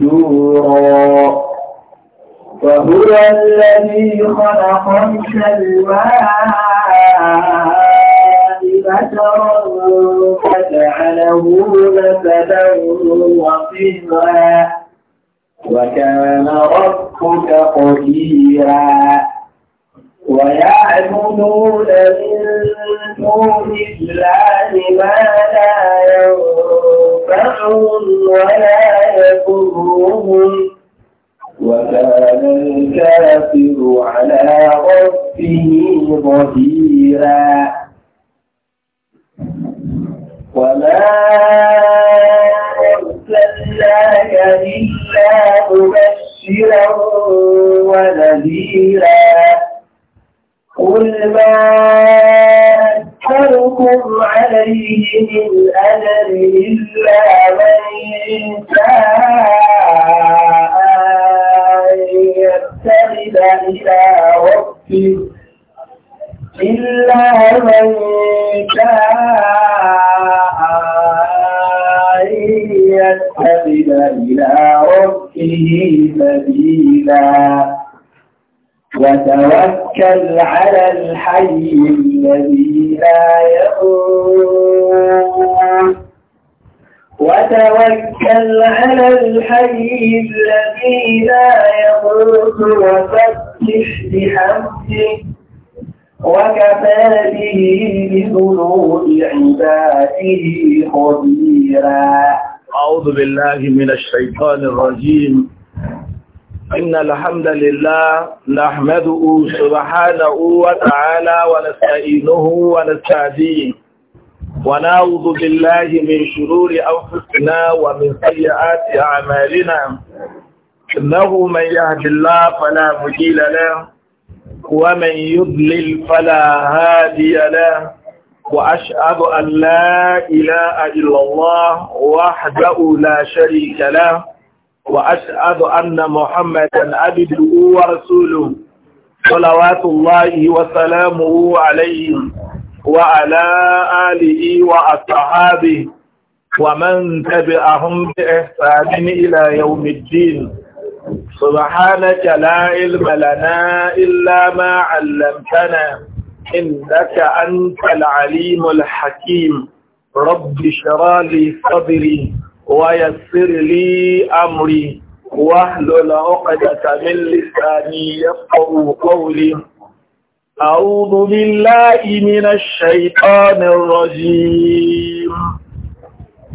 دورا وهو الذي خلق من فجعله مثلا وصفا وكان ربك قديرا ويعبدون من دون الله ما لا ينفع ينفعهم ولا يضرهم وكان الكافر على ربه ظهيرا وما أرسلناك إلا مبشرا ونذيرا قل ما أسألكم عليه من أجر إلا من شاء يتخذ إلى ربه إلا من شاء يتخذ إلى ربه سبيلا وتوكل على الحي الذي لا يموت وتوكل على الحي الذي لا يموت وسبح بحمده وكفى به بذنوب عباده خبيرا أعوذ بالله من الشيطان الرجيم إن الحمد لله نحمده سبحانه وتعالى ونستعينه ونستهديه ونعوذ بالله من شرور أنفسنا ومن سيئات أعمالنا إنه من يهد الله فلا مجيل له ومن يضلل فلا هادي له وأشهد أن لا إله إلا الله وحده لا شريك له وأشهد أن محمدا عبده ورسوله صلوات الله وسلامه عليه وعلى آله وأصحابه ومن تبعهم بإحسان إلى يوم الدين سبحانك لا علم لنا إلا ما علمتنا إنك أنت العليم الحكيم رب شرى لي صدري ويسر لي أمري واحلل عقدة من لساني يفقه قولي أعوذ بالله من الشيطان الرجيم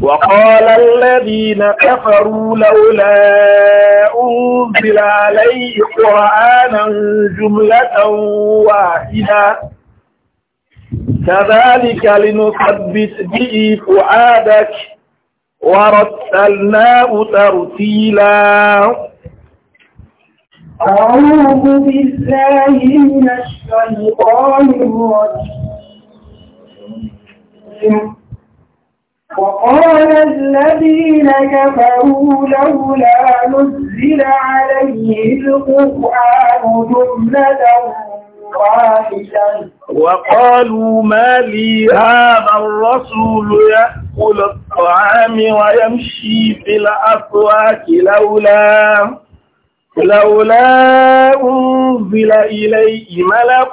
وقال الذين كفروا لولا أنزل عليه قرآنا جملة واحدة كذلك لنثبت به فؤادك ورتلناه ترتيلا أعوذ بالله من الشيطان الرجيم وقال الذين كفروا لولا نزل عليه القرآن جملة وقالوا ما لي هذا الرسول يأكل الطعام ويمشي في الأسواق لولا لولا أنزل إليه ملك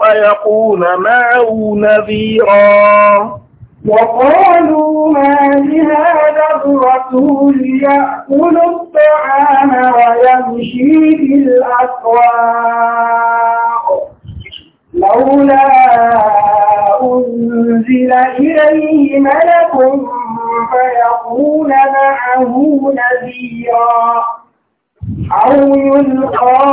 فيكون معه نذيرا وقالوا ما لهذا الرسول يأكل الطعام ويمشي في الأسواق لولا أنزل إليه ملك فيكون معه نذيرا أو يلقى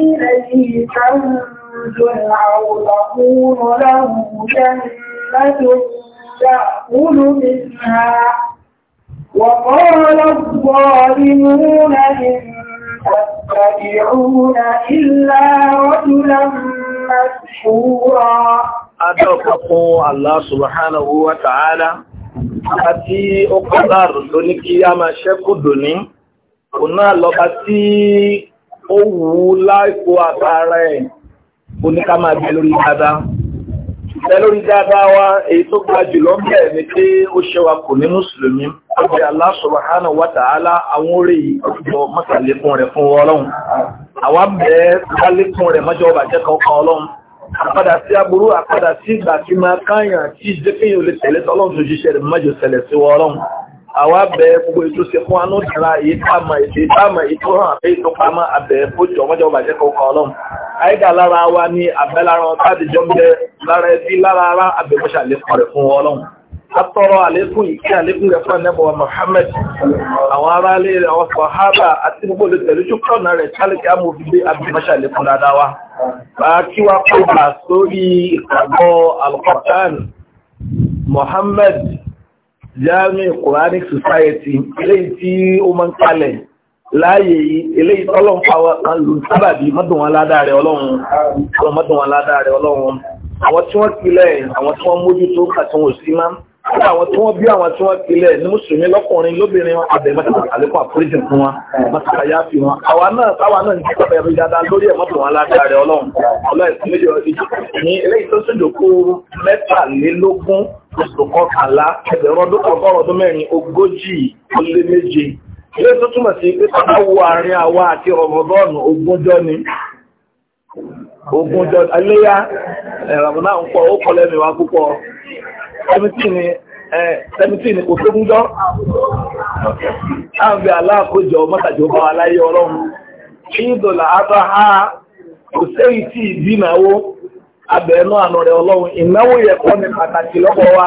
إليه كنز أو تكون له جنة تأكل منها وقال الظالمون إن تتبعون إلا رجلا مسحورا Adọ́pọ̀ اللَّهُ Allah Subhanahu wa ta'ala, àti ó kọ́lárù tó ní kí a máa ṣẹ́kù dòní, kò náà lọba tí ó wù láìkó àtàrà ẹ̀, kò ní ká máa bẹ lórí dáadáa. Ìfẹ́ lórí dáadáa wa èyí tó gba jùlọ bẹ́ẹ̀ ni pé ó ṣe wa kò ní Mùsùlùmí. Ọjọ́ Allah subhanahu wa ta'ala àwọn orí ìjọ mọ́tàlékún rẹ̀ fún ọlọ́run. Àwa bẹ̀ẹ́ tálékún rẹ̀ mọ́jọ́ ọbàjẹ́ kan kan ọlọ́run. ọlọ́run àwa bẹ gbogbo ètò ṣe fún anú dára èyí táàmà èyí táàmà èyí tó hàn àbẹ́ ètò pamọ́ àbẹ̀ fójú ọmọdé ọba jẹ́ kọ̀ọ̀kan ọlọ́run àyíká lára wa ní àbẹ́ lára wọn káàdì jọ bẹ lára ẹbí lára ara àbẹ̀ mọ́ṣà lẹ́kọ̀ọ́ rẹ̀ fún ọlọ́run atọ́rọ àlékún ìkẹ́ àlékún rẹ̀ fún ẹnẹ́bọ̀ Muhammad àwọn ará ilé rẹ̀ àwọn sọ̀hábà àti gbogbo olùtẹ̀lú tó kọ́nà rẹ̀ kálíkì amòfìdé abìmọ́ṣà lékún dáadáa wa kí Jami Quranic Society eléyìí tí ó máa ń kalẹ̀ láàyè eléyìí tọ́lọ́ sábàbí mọ́dún wọn ládàá rẹ̀ ọlọ́run àwọn mọ́dún wọn ládàá rẹ̀ ọlọ́run àwọn tí wọ́n kílẹ̀ àwọn tí wọ́n mójútó àti wọn ò sí máa Kọ́dà àwọn tí wọ́n bí àwọn tí wọ́n tilẹ̀ ní Mùsùlùmí lọ́kùnrin lóbìnrin àbẹ̀ mọ́tàkà àlékún àforíjì fún fi wọn. Àwa náà táwa náà ní kíkọ́ bẹ̀rẹ̀ dada lórí ẹ̀ wọn lágbára rẹ̀ ọlọ́run. Ọlọ́run ti méjì ní eléyìí tó dòkó oṣù kọkànlá ọdún ọdún ogójì ó lé méje. tó túmọ̀ sí pé tọ́lá wo àárín àwa seventeen òṣogúnjọ́ láàbí aláàkójọ mọ́tàjọba aláyé ọlọ́run ìdòlà àbá ha kò sẹ́yìn tí ìdínàwó abẹ̀ẹ́nú ànà rẹ̀ ọlọ́run ìnáwó yẹ kọ́ ní pàtàkì lọ́pọ̀ wa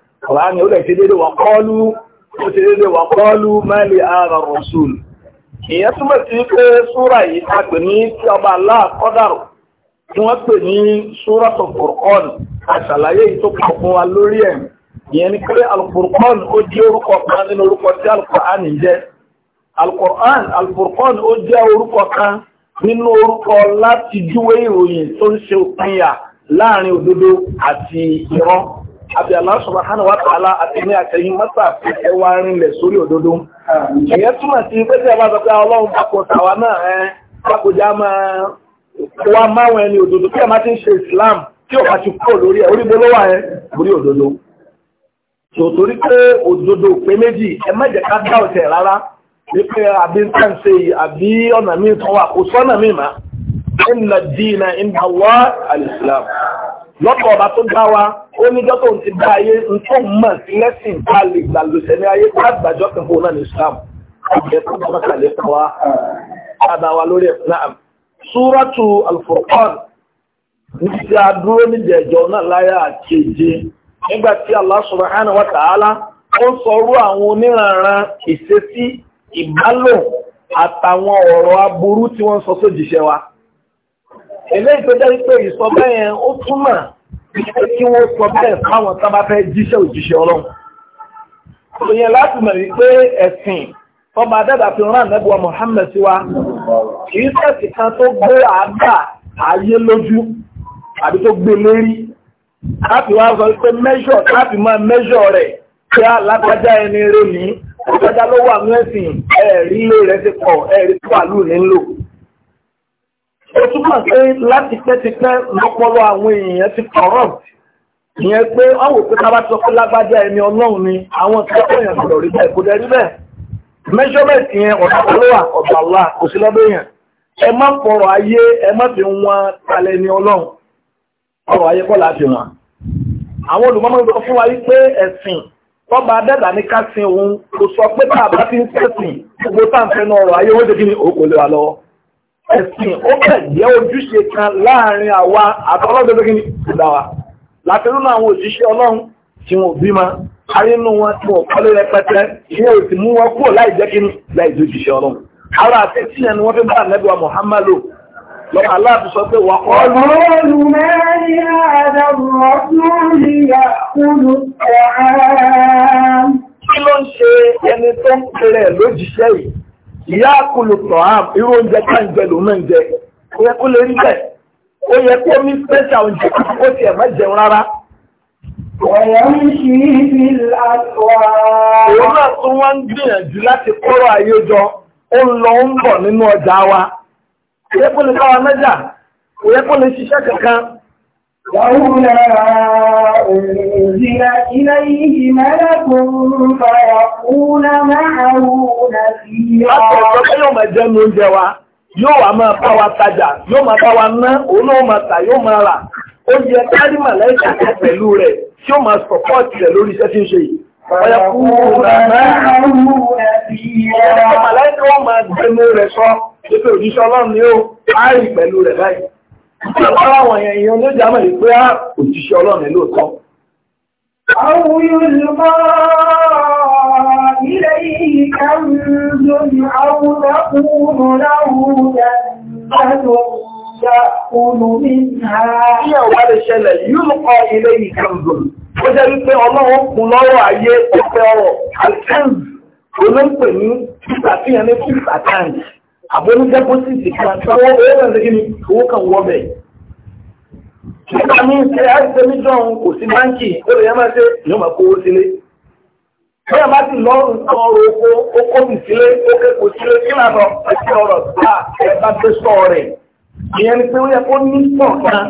Kùránì ó lẹ̀ ṣe dédé wà kọ́lú, ó ṣe dédé wà kọ́lú mẹ́lì ara Rọ̀súl. Ìyẹn túnmọ̀ sí pé súra yìí a pè ní tí ọba Allah kọ́dàrù, tí wọ́n pè ní súra tó Furqan, àṣàlàyé yìí tó wa lórí ẹ̀. Ìyẹn ni pé al ó jẹ́ orúkọ kan nínú orúkọ tí al jẹ́. Al-Qur'an, ó jẹ́ orúkọ kan nínú orúkọ láti júwé ìròyìn tó ń ṣe òpinya láàrin òdodo àti irọ́. àbí Allah subhanahu wa ta'ala àtẹ̀mí àtẹ̀yìn mọ́tà ẹ wá rinlẹ̀ sórí òdodo. ndị túmọ̀ sí pé tí ẹ bá sọ pé ọlọ́run papọ̀ tàwa náà ẹ pákòjá máa wá máwọn ẹni òdodo ẹ Islam tí ọ̀pá ti kúrò lórí ẹ orí bolówó ẹ orí òdodo. tòtórí pé òdodo pé méjì ẹ má dá ọ̀tẹ̀ rárá wípé àbí lọ́pọ̀ ọba tó dá wa ó níjọ́ tó ń ti dá ayé ń tó mọ̀ sí lẹ́sìn tá a lè gbà lòsẹ̀ ní ayé tá àgbàjọ́ kan fún náà ní Islam ọ̀jẹ̀ tó bá kàlẹ́ fún wa wa ní a dúró náà keje nígbà tí ó ń sọrú àwọn oníranran ìṣesí ìbálò àtàwọn ọ̀rọ̀ aburú tí wọ́n sọ wa eléyìí tó jẹ́ pé ìsọ bẹ́yẹn ó pé kí wọ́n sọ bẹ́ẹ̀ fáwọn tán bá fẹ́ jíṣẹ́ òjíṣẹ́ ọlọ́run. Kò yẹn láti mọ̀ wípé ẹ̀sìn ọba dẹ́dà fi rán ànẹ́bùwà Mùhàmmad sí wa, kìí sẹ̀sì kan tó gbé àgbà ayé lójú àbí tó gbé lérí. Láti wá sọ pé mẹ́ṣọ̀ láti máa mẹ́ṣọ̀ rẹ̀ pé alágbájá ẹni rẹ̀ ní, ọ̀gbájá ló wà ní ẹ̀sìn ẹ̀rí ilé rẹ̀ ti pọ̀ ẹ̀rí tó wà lù ní lò ó túmọ̀ sí láti pẹ́tipẹ́ lọ́pọ̀lọ́ àwọn èèyàn ti kọ̀rọ̀ ìyẹn pé wọ́n wò pé tábà sọ pé lágbájá ẹni ọlọ́run ni àwọn tí wọ́n yàn sọ̀rọ̀ rí bẹ́ẹ̀ kò dẹ̀ rí bẹ́ẹ̀ measurement yẹn ọ̀dà olówà ọ̀dà ọ̀la kò sí lọ́dọ̀ èèyàn ẹ má fọ̀rọ̀ ayé ẹ má fi wọn talẹ̀ ní ọlọ́run ọ̀rọ̀ ayé kọ́ láti wọn. àwọn olùmọ́mọ́ sọ fún wa yí pé ẹ̀sìn tọ́ba adẹ́dà ní ká sin òun kò sọ pé bàbá ti ń sẹ́sìn gbogbo táǹfẹ́ náà ọ̀rọ̀ ayé wọ́n ti kí ni òkòlè wa lọ́wọ́ ẹ̀sìn ó bẹ̀ jẹ́ ojúṣe kan láàrin àwa àtọ́lọ́dọ́dọ́ kí ni àwọn òjíṣẹ́ ọlọ́run tí wọ́n bí ma arínú wọn tí wọ́n kọ́lé rẹpẹtẹ ìyẹn ò mú wọn kúrò láì kí ni láì jẹ́ ọlọ́run ara àti tí ni wọ́n fi bá ànábì Muhammadu lọ aláàbí sọ pé wà kọ́ kí ló ń ṣe ẹni tó ń pèrè lójíṣẹ́ yìí ìyá kùlù tọ̀hám irú oúnjẹ káńjẹ lòun náà ń jẹ ó yẹ kó lè rí bẹ́ẹ̀ ó yẹ kó mi pẹ́sà oúnjẹ kíkú ó tiẹ̀ má jẹun rárá. Wọ̀nyẹ́mísì ibi lásán. Òun náà tún wá ń gbìyànjú láti kóró ayé jọ, ó ń lọ ń bọ̀ nínú ọjà wa. Kò yẹ kó lè bá wa mẹ́jà, kò yẹ kó lè ṣiṣẹ́ kankan. لولا أنزل إليه ملك فيكون معه نذيرا. Akọ̀kọ̀ yóò máa jẹ́ oúnjẹ wa, yóò wá máa bá wa tajà, yóò máa bá wa ná, òun náà máa tà, yóò máa rà. Ó yẹ kárí màláìkà kan pẹ̀lú rẹ̀ tí ó máa sọ̀pọ̀tì rẹ̀ lórí iṣẹ́ tí ń ṣe yìí. Fọyàkùn màláìkà wọn máa gbẹnu rẹ̀ sọ, rẹ̀ báyìí. Àwọn èèyàn èèyàn ló jà mọ̀ pé á ló sọ. Àwọn olùmọ̀ ilẹ̀ yìí kan lórí àwọn ọkùnrin láwùn Ìyẹ̀ wà lè ṣẹlẹ̀ yóò kọ ilé ìkàndùn. Ó jẹ́ wípé ọlọ́wọ́ kún lọ́rọ̀ ayé ọ̀pẹ ọ̀rọ̀. Alkens, olóńpè ní Peter Fiyan ní Peter Tank àbóní dẹ́pọ́sìtì ah, kan tọwọ́ owó kan lẹ́yìn owó kan wọ́ bẹ̀. nígbà mí ṣe àìsẹ́mí john kò sí báńkì ó lè yẹn máa no, yóò máa kówó sílé. bẹ́ẹ̀ bá ti lọ́rùn ọrọ̀ oko ó kó mi sílé ó ké kò sílé kí lànà ẹ̀sìn ọ̀rọ̀ gbà ẹ̀ bá gbé sọ rẹ̀. ìyẹn ni pé ó yẹ kó ní sàn kan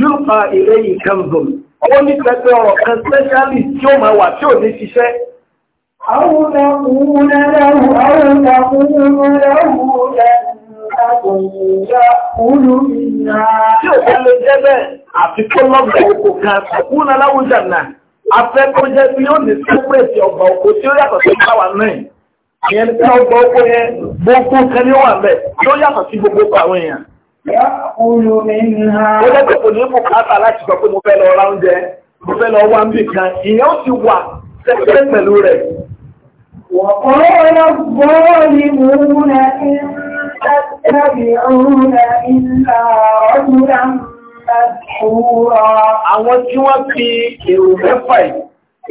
yóò fa èrè yìí kan zòm. ó ní pẹpẹ ọ̀rọ̀ kan spẹ́ṣálì tí ó máa wà tí ò ní ṣiṣẹ́. àwọn ọ̀nà òun náà lẹ́rù àwọn ọ̀nà òun náà lẹ́rù Tí ò bá lè jẹ́ bẹ́ẹ̀ àti kó lọ́gbà oko kan kún náà láwùjọ náà. Afẹ́ kó jẹ́ bí ó ní sẹ́pẹ̀tì ọgbà oko tí ó yàtọ̀ sí káwà náà. Ìyẹn ní káwà ọgbà oko yẹn gbogbo kan ní wà bẹ́ẹ̀ tí ó yàtọ̀ sí gbogbo àwọn èèyàn. Ó jẹ́ pé kò ní bùkátà láti sọ pé mo fẹ́ lọ ra mo fẹ́ lọ wá níbì kan. Ìyẹn ó ti wà sẹ́pẹ̀ pẹ̀lú rẹ̀. Wọ́n تتبعون إلا رجلا مسحورا àwọn tí wọ́n fi èrò mẹ́fà yìí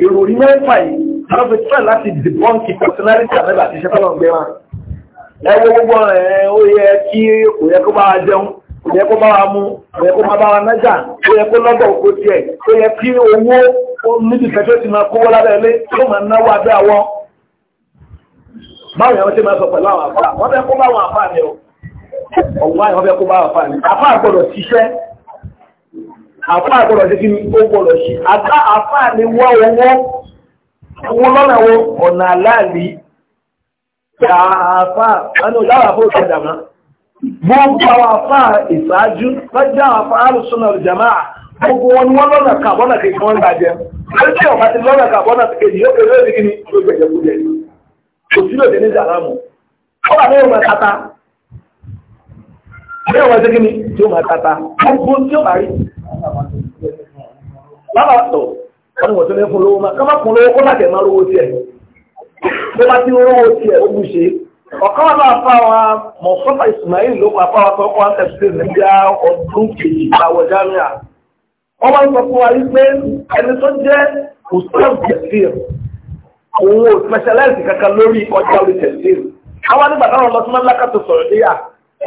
èrò rí mẹ́fà yìí wọ́n fi tẹ́ láti dìbọ́ǹkì personality àmẹ́bà àti iṣẹ́ tọ́lọ̀ gbẹ́ra ẹwọ gbogbo ó yẹ kí kò yẹ kó bá wa jẹun kò yẹ kó bá wa mú kò yẹ kó bá wa nájà kò yẹ kó lọ́gbọ̀ òkú tiẹ̀ kò yẹ kí owó níbi ìfẹ́fẹ́ ti máa kówó lábẹ́ ilé máa náwó abẹ́ àwọn báwo ni wọ́n ti máa sọ pẹ̀lú àwọn àfáà wọ́n fẹ́ kó bá àwọn àfáà ni o ọ̀gbọ́n àìwọ́n fẹ́ ni àfáà gbọ́dọ̀ ṣiṣẹ́ àfáà kí ni ó gbọ́dọ̀ ṣe àtà àfáà ni wọ́n owó owó lọ́nà wo ọ̀nà aláàlí àfáà wọn ni ó dáwà fún òṣèlú àmọ́ gbogbo àwọn àfáà ìṣáájú lọ́jọ́ àwọn àfáà alùsùn náà jàmáà gbogbo wọn ni wọ́n kò sí lòdì ní sàlámù ó wà lóyún máa tata lóyún máa segin ni tí ó máa tata gbogbo tí ó máa rí bàbá tó wọn ni wọn tó ní fún lówó máa kọ́má kún lówó kó má tẹ̀ máa rówó tiẹ̀ kó má ti rówó tiẹ̀ ó bù ṣe ọ̀kan wà náà fún àwọn mọ̀sọ́fà Ismail ló pa fún àwọn tó kọ́ àǹtẹ̀ sí nàìjíríà ọdún kejì àwọ̀ jámíà wọ́n máa ń sọ fún wa wípé ẹni tó jẹ́ òṣèlú òun ò specialize kankan lórí ọjà orí tẹ̀síìlì àwọn nígbà táwọn lọ sí máa ń lákàtọ̀ sọ̀rọ̀ déyà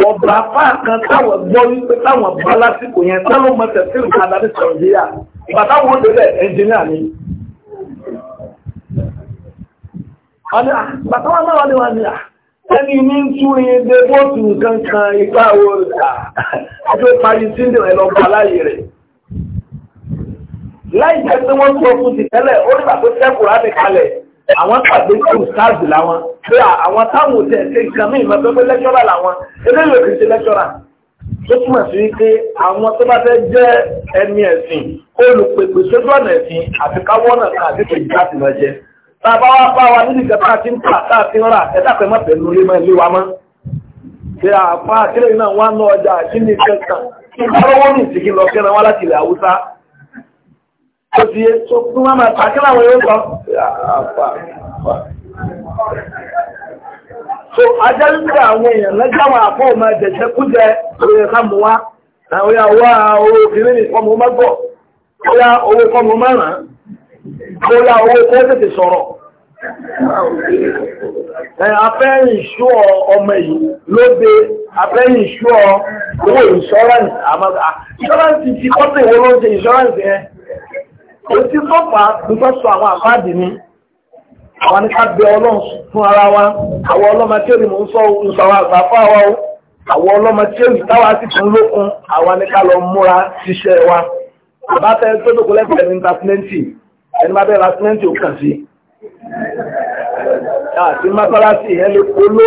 ọ̀bà apá kan táwọn gbọ́ wípé táwọn bá lásìkò yẹn tẹ́lú mọ tẹ̀síìlì padà ní sọ̀rọ̀ déyà ìgbà táwọn ó débẹ̀ ẹnjìníà ni. Bàbá wọn náà wà ní wọn ni à ẹni ní ń tún yín dé bóòtù nǹkan kan ipá wo rà àti ó parí síndì rẹ lọ gba láàyè rẹ. láì jẹ́ pé wọ́n sọ fún tẹ́lẹ̀ ó nígbà tó tẹ́kùrá àwọn pàdé kò sáàzì làwọn pé àwọn táwọn ò tẹ̀ ṣe nǹkan mí ìmọ̀ pẹ́pẹ́ lẹ́kṣọ́rà làwọn eléyìí òkè ṣe lẹ́kṣọ́rà tó túmọ̀ sí wípé àwọn tó bá fẹ́ jẹ́ ẹni ẹ̀sìn olùpèpè sójú ọ̀nà ẹ̀sìn àti káwọ́nà kan àti kejì láti lọ jẹ tá a bá wá bá wa níbi ìkẹta àti ń tà tá a ti ń rà ẹ dàpẹ́ mọ́ pẹ̀lú ilé mọ́ ilé wa mọ́ ṣe àpá àkílẹ̀ náà wá ná ọjà àti ní ìkẹta kí n bá rọ́wọ́ ní ìsìnkí lọ kẹ́ran wá láti ilẹ̀ Haúsá ó ti yé tó fún wọn máa pàkí láwọn yóò sọ. so ajá ń gbé àwọn èèyàn lẹ́jọ́ àwọn àpò ọmọ ẹ̀jẹ̀jẹ̀ kújẹ òye ká mú wa àwọn ìyàwó owó obìnrin nìkan mo máa gbọ́ bóyá owó kan mo máa ràn án bóyá owó kó tètè sọ̀rọ̀. Afẹ́yìn ìṣú ọmọ yìí ló de afẹ́yìn ìṣú owó insurance àmọ́ insurance ti kọ́tẹ̀ wo ló ń ṣe insurance yẹn. Ètí sọ́pàá ní fẹ́ sọ àwọn àbáàdì ni. Àwọn ní ká bẹ ọlọ́run fún ara wa. Àwọn ọlọ́mọ kéèrè mò ń sọ ìsọ̀rọ̀ àgbà fún àwa o. Àwọn ọlọ́mọ kéèrè táwa sì tún lókun. Àwọn ní ká lọ múra ṣiṣẹ́ wa. Bàbá fẹ́ tó dòkó lẹ́gbẹ̀ẹ́ ní Tàfínẹ́ntì. Ẹni bá bẹ́ẹ̀ Tàfínẹ́ntì ò kàn sí. Àti mọ́sálásì yẹn lè poló.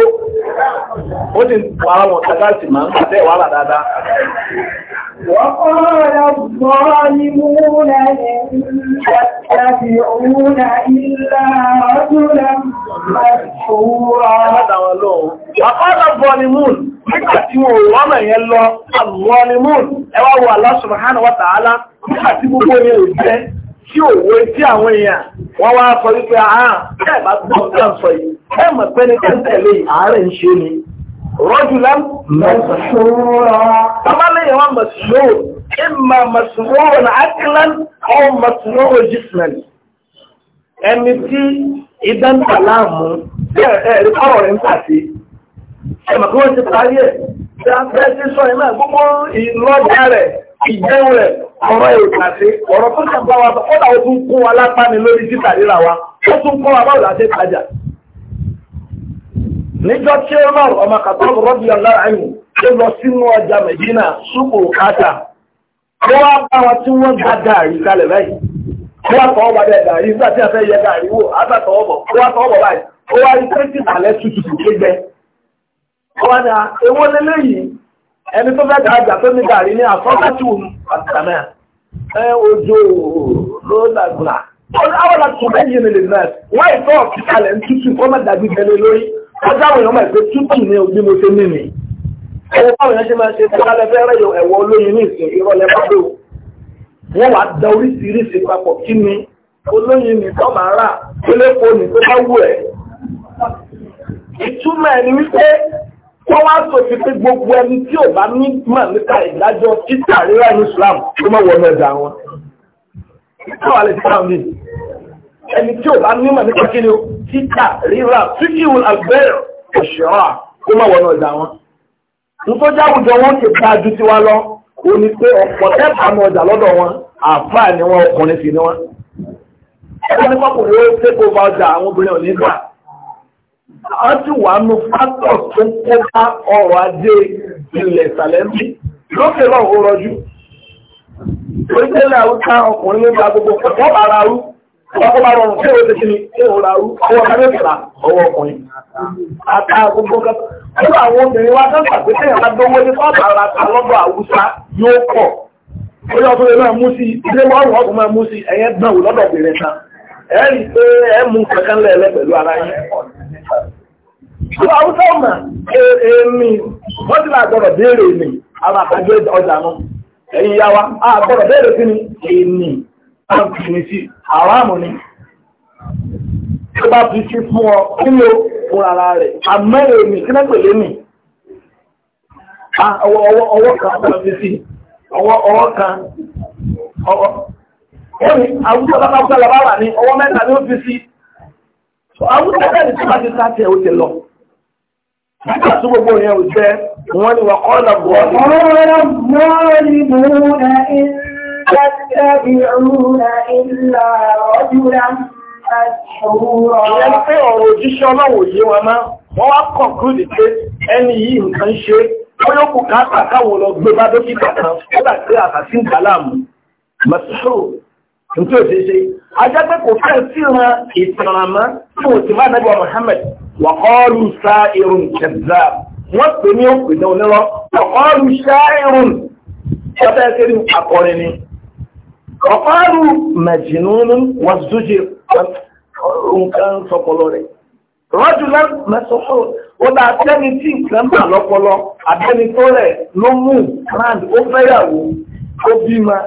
Ó ti wà àwọn kàkàsì máa ń pàtẹ́ wàhálà dáadáa. وقال الظالمون إن تتبعون إلا رجلا مسحورا وقال الظالمون Nígbà tí ọmọ wọ́n lọ yẹn lọ, ẹwà wo Allah subhanahu wa ta'ala, nígbà gbogbo ò jẹ́, tí ò tí àwọn èèyàn wọ́n wá sọ wípé ẹ̀ bá sọ yìí, ẹ̀ mọ̀ pé ní ń ṣe ni. رجلا مسحورا طبعا ليه هو مسحور اما مسحورا عقلا او مسحور جسما ẹni tí ìdán tàlámù ẹ̀rí ọ̀rọ̀ rẹ̀ ń pàṣẹ ẹ̀mà kí wọ́n ti parí ẹ̀ tí a fẹ́ sí sọ iná gbogbo ìlọ́dá rẹ̀ ìjẹun rẹ̀ ọ̀rọ̀ ìpàṣẹ ọ̀rọ̀ tó kàn bá wa sọ fọ́dà ó tún kún wa níjọ́ tí Umar ọmọ kàtọ́lù rọ́bì aláàáyù tó lọ sínú ọjà Medina súpò kátà a wá bá wọn tí wọ́n gba gààrí kalẹ̀ báyìí tó wá tọwọ́ bàdẹ̀ nígbà tí a fẹ́ yẹ gààrí wò átà tọwọ́ bọ̀ wá tọwọ́ bọ̀ báyìí ó wá rí ewó ẹni tó fẹ́ ní ní ń ọjọ́ àwọn èèyàn mọ̀ pé tútù ní ojú mo ṣe nínú ẹwọ báwọn èèyàn ṣe máa ṣe tí wọ́n lẹ́fẹ́ rẹ̀yọ ẹ̀wọ̀ olóyin ní ìsìn ìrọ̀lẹ́ pápẹ́ o wọ́n wá da oríṣiríṣi papọ̀ kí ni olóyin ní tọ́ máa rà téléfò ní tó bá wù ẹ́ ìtumọ̀ ẹni wípé wọ́n wá sòfin pé gbogbo ẹni tí ò bá ní mọ̀ nípa ìdájọ́ títà rírà ní Islam tó mọ̀ wọ́n mẹ́ta wọn ẹni tí ò bá nímọ̀ ní kékeré o títà rírà fíkìwù àgbẹ̀rẹ̀ òṣèrà kó má wọnà ọjà wọn. nítorí àwùjọ wọn ti gba ju tiwa lọ ó ní pé ọ̀pọ̀ tẹ́ẹ̀bà ní ọjà lọ́dọ̀ wọn àfáà ni wọn ọkùnrin sì ni wọn. ẹgbẹ́ ní pọ́kùnrin ó tẹ́ kó bá ọjà àwọn obìnrin ò ní gbà. a ti wà nù pátọ̀ tó ń kó bá ọrọ̀ ajé ilẹ̀ ìsàlẹ̀ ń bí lókè náà ó rọjú. orílẹ̀-èdè àwùjọ ọkùnrin ló gba gbogbo ọ̀pọ̀ Ọkọ̀ bá rọrùn tí ó ti kí ni ó ra rú ọwọ́ kábẹ́kìlá ọwọ́ ọkùnrin. Àta gbogbo kan. Nígbà àwọn obìnrin wa tó gbàgbé tẹ̀yàn bá dówó ní fọ́ọ̀bù ara ta lọ́dọ̀ àwùsá yóò pọ̀. Ó yọ fún ẹgbẹ́ mú sí ilé wọ́ọ̀rù ọkùnrin máa mú sí ẹ̀yẹ́ dán wò tán. Ẹ rí pé ẹ mú kankan lẹ́ẹ̀lẹ́ pẹ̀lú ara yín. Ṣé àwùsá ọ̀nà èmi wọ́n ti là béèrè mi àwọn àkàgbé ọjà náà ààbùn sí àrámù ni tó bá fi sí fún ọ nílò fún ara rẹ̀ àmẹ́rẹ̀ mi kí náà pèlé mi ọwọ́ kan ọwọ́ fi sí ọwọ́ kan ọwọ́ ní àwùjọ lápapọ̀ làbá wà ní ọwọ́ mẹ́ta ní ó fi sí àwùjọ bẹ́ẹ̀ ni tó bá ti sá tẹ̀ ó ti lọ Nígbà tí gbogbo yẹn ò jẹ́, wọ́n ni wà kọ́ lọ́gbọ̀ọ́. Ọ̀rọ̀ lọ́gbọ̀ọ́ ni bùrú ẹ̀ تتبعون إلا رجلا مسحورا ìyẹn pé ọ̀rọ̀ òjíṣẹ́ ọlọ́wọ̀ yé wa máa wọ́n wá kọ̀kúrúdì pé ẹni yìí nǹkan ṣe ó yóò kù káàkà káwọn lọ gbé bá dókítà kan ó dà pé àtàsí ń dà láàmú mẹ́sàn-án nítorí òṣèṣe ajẹ́pẹ́ kò fẹ́ sí ran ìtànàmọ́ tí wọ́n ti máa nẹ́gbọ́ Muhammad wà kọ́ọ̀lù sa irun kẹ̀dá wọ́n pè ní òpè náà onírọ́ wà kọ́ọ̀lù sa ọ̀pọ̀lù mẹ̀jìnnún wàzújì nǹkan sọpọlọ rẹ rọ́jùlá mẹ́sọ̀fọ́ ó dá abẹ́ni tí nǹkan bà lọ́pọlọ abẹ́ni tó rẹ̀ ló mú rand ó fẹ́yàwó ó bímọ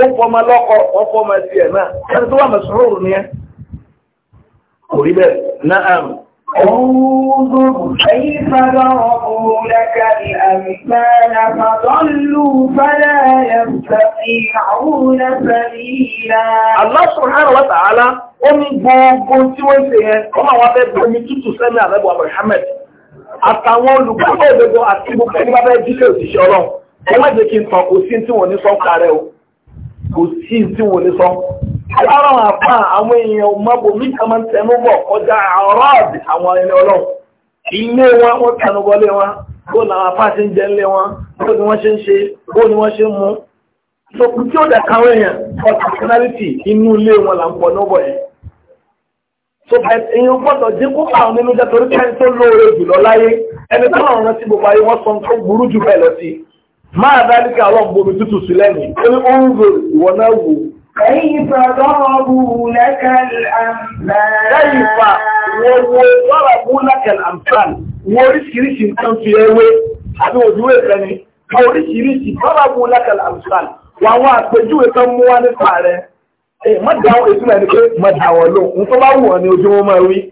ó fọmọ lọ́kọ ó fọmọ tiẹ̀ náà ẹni tó wà mẹ́sọ̀fọ́ rò ní انظر كيف ضربوا لك الأمثال فضلوا فلا يستطيعون سبيلا الله سبحانه وتعالى ó ní gbogbo tí wọ́n ṣe yẹn ọmọ àwọn abẹ́gbẹ́ omi tútù sẹ́mi àbẹ́bọ̀ Muhammad àtàwọn olùkọ́ òdodo àti gbogbo ẹni tí wọ́n ní sọ́n kárẹ́ o kò sí lára wọn àpá àwọn èèyàn mọ́bò mí kan máa ń tẹnubọ̀ kọjá àrọ́ọ̀dì àwọn ẹni ọlọ́run ilé wọn wọ́n tẹnubọlé wọn bó làwọn àpá ṣe ń jẹ ńlé wọn bó ni wọ́n ṣe ń ṣe bó ni wọ́n ṣe ń mú sọkùn tí ó dà káwọn èèyàn for personality inú ilé wọn là ń pọ̀ nọ́bọ̀ yẹn so èèyàn gbọ́dọ̀ dín kó àwọn nínú jẹ́ torí kẹ́ni tó lóore jùlọ láyé ẹni tó lọ́rùn rántí gbogbo ayé wọ́n sọ tó burú كيف ضربوا لك الأمثال كيف ضربوا لك الأمثال oríṣiríṣi nǹkan fi ẹwé àbí òjúwé ìfẹ́ni oríṣiríṣi ضربوا لك الأمثال wà wọ́n àpèjúwe tó mú wá nípa rẹ̀ mọ́dáwọ̀ ìtumọ̀ ẹni pé mọ́dáwọ̀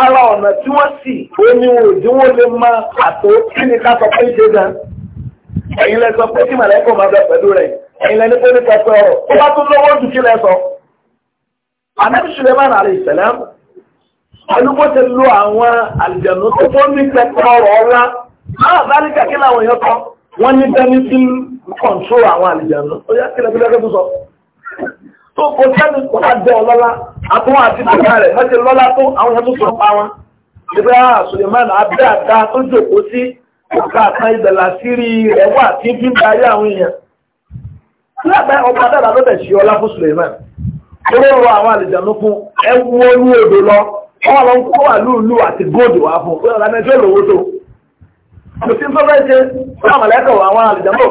ara ọ̀nà tí wọ́n sì ó ní òdiwọ́n lè mọ àtò kí ni ká sọ pé ṣe gan. ẹ̀yin lẹ sọ pé kí màlẹ́kọ̀ máa bẹ pẹ̀lú rẹ̀ ẹ̀yin lẹ ní pé nípa pé ọ̀rọ̀ ó bá tún lọ́wọ́ jù kí lẹ sọ. ànábì Suleiman alayhi salam pẹ̀lú bó ṣe lo àwọn àlìjẹ̀nù tó tó ní pẹ̀pẹ̀ ọ̀rọ̀ ọ̀la náà báríkà kí làwọn èèyàn kan wọ́n ní bẹ́ẹ̀ sí tó kò sẹ́ni kó náà jẹ́ ọlọ́lá àtúwọ̀n àti bàbá rẹ̀ mẹ́tẹ̀ lọ́lá tó àwọn yẹn tó sọ pa wọn. ìgbà ah, Suleiman abẹ́ àdá tó jòkó sí ọ̀gá àtàn ilẹ̀ làṣírí rẹ̀ wà tí bí ń darí àwọn èèyàn. lábẹ́ ọba dára ló bẹ̀ ṣe ọlá fún Suleiman. ó rọ àwọn àlejànú fún ẹ wú olú odò lọ wọn lọ ń kó wà lúùlù àti góòdù wá fún pé ọ̀làmẹ́jọ́ lòwó tó. àbùsí tó fẹ́ ṣe fún àmàlẹ́kọ̀ọ́ àwọn àlejànú ò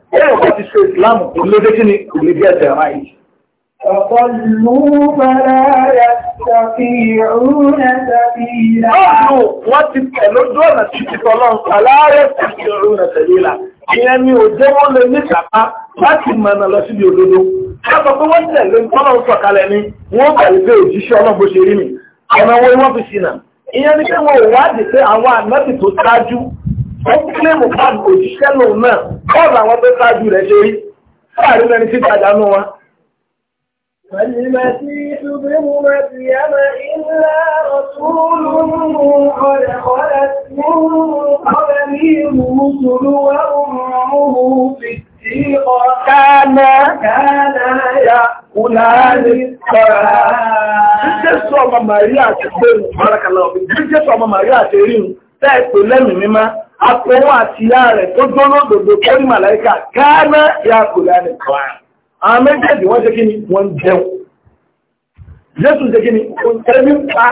Bẹ́ẹ̀ ọ̀pá ti ṣe ìsìláàmù kò lé dé kí ni kò lè bí ẹ̀sẹ̀ ara yìí. Ọ̀pọ̀lú bàrá rẹ̀ ṣàfihàn ṣàfihàn. Ọ̀nù wọ́n ti tẹ̀ lójú ọ̀nà títí tọ́lọ́n sàlárẹ̀ ṣàfihàn ṣàfihàn. Ìyẹn ni ò jẹ́ wọ́n lè ní ìsàpá láti mọ̀nà lọ síbi òdodo. Káàpọ̀ pé wọ́n tẹ̀lé tọ́lọ́n sọ̀kalẹ̀ ni wọ́n bẹ̀rẹ̀ pé òjíṣẹ́ ọlọ́gbó ṣe rí mi. Ọ̀nà wo wọ́n fi ṣìnà. Ìyẹn ni pé wọn ò ó kílèmù fáàmù òṣìṣẹ́ lòun náà bọ́ọ̀lù àwọn tó ṣáájú rẹ̀ ṣe rí fáàrí mẹ́rin tí ìtajà nù wọn. Jíjẹ́ sọ ọmọ Màríà ti gbé ìmọ̀ bárakàlá ọ̀bí. Jíjẹ́ sọ ọmọ Màríà ti rí ìmọ̀ tẹ́ẹ̀pù lẹ́mìí mímá àtọwọ́ àti ìyá rẹ̀ tó dóná dòdò kọ́rí màláìka káánà ya kò lẹ́nu kọ́ àwọn méjèèjì wọ́n ṣe kí ni wọ́n jẹun jésù ṣe kí ni ẹbí ń pa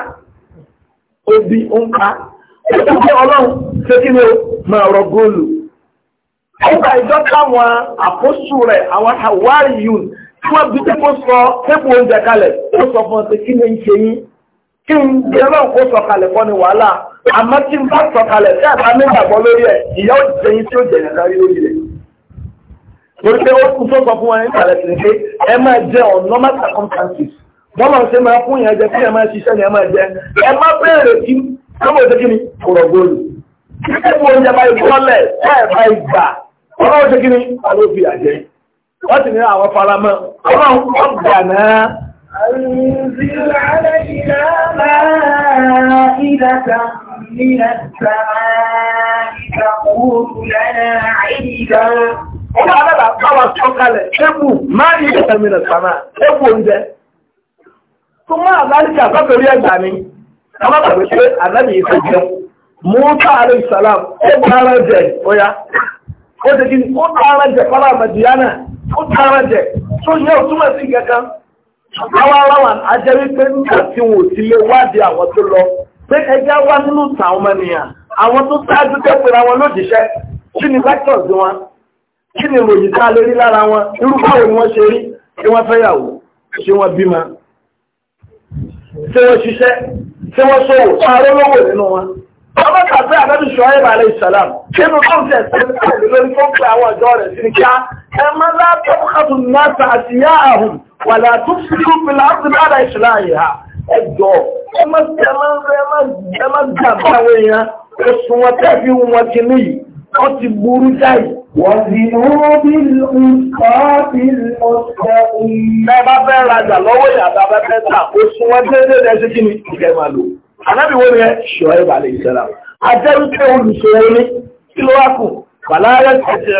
obi ń pa ẹ̀sùn pé ọlọ́run ṣe kí ni máa rọ góòlù ọgbà ìjọ táwọn àpòsù rẹ̀ àwọn àwárí yìí tí wọ́n bí pípọ́ sọ pépò oúnjẹ kalẹ̀ ó sọ fún ọ kí ni ń ṣe yín kí ni ẹlọ́run kó sọ kalẹ̀ kọ́ ni wàhálà àmọ́ tí n bá sọ̀kalẹ̀ tí àbá nígbàgbọ́ lórí ẹ̀ ìyá ò jẹyìn tí ó jẹyìn lárí lórí rẹ̀ torí pé ó kú tó sọ fún wọn nípa rẹ̀ sí pé ẹ máa jẹ on normal circumstances wọ́n máa ṣe máa fún yẹn jẹ kí ẹ máa ṣiṣẹ́ ni ẹ máa jẹ ẹ má bẹ̀rẹ̀ kí lọ́wọ́ ṣe kí ni kòrò góòlù kíkẹ́ fún oúnjẹ bá ìkọ́lẹ̀ ẹ̀ bá ìgbà ọlọ́wọ́ ṣe kí أنزل علينا مائدة من السماء تقول لنا عيدا Ọba o ni, salam, awáwáwà ajẹ́rí pé nígbà tí wọn ò ti lè wádìí àwọn tó lọ pé ẹjẹ́ wá nínú ìtàn àwọn ènìyàn àwọn tó ṣáájú tẹ́pẹ̀rẹ̀ àwọn lójíṣẹ́ kí ni factors wọn kí ni ròyìn tá a lè rí lára wọn irú báwo ni wọ́n ṣe rí kí wọ́n fẹ́yàwó ṣé wọ́n bímọ ṣé wọ́n ṣiṣẹ́ ṣé wọ́n ṣòwò ṣàárọ̀ lówó nínú wọn. ọmọ kàfẹ́ àbẹ́bí ṣọ́ كما لا تبخذوا الناس أشياءهم ولا تفسدوا في الأرض بعد إصلاحها ẹjọ́ ẹ má ẹ má ẹ má ẹ má dàbí àwọn èèyàn oṣù wọn tẹ́ fi wọn sí kí ni ìkẹ́ máa lò. ànábì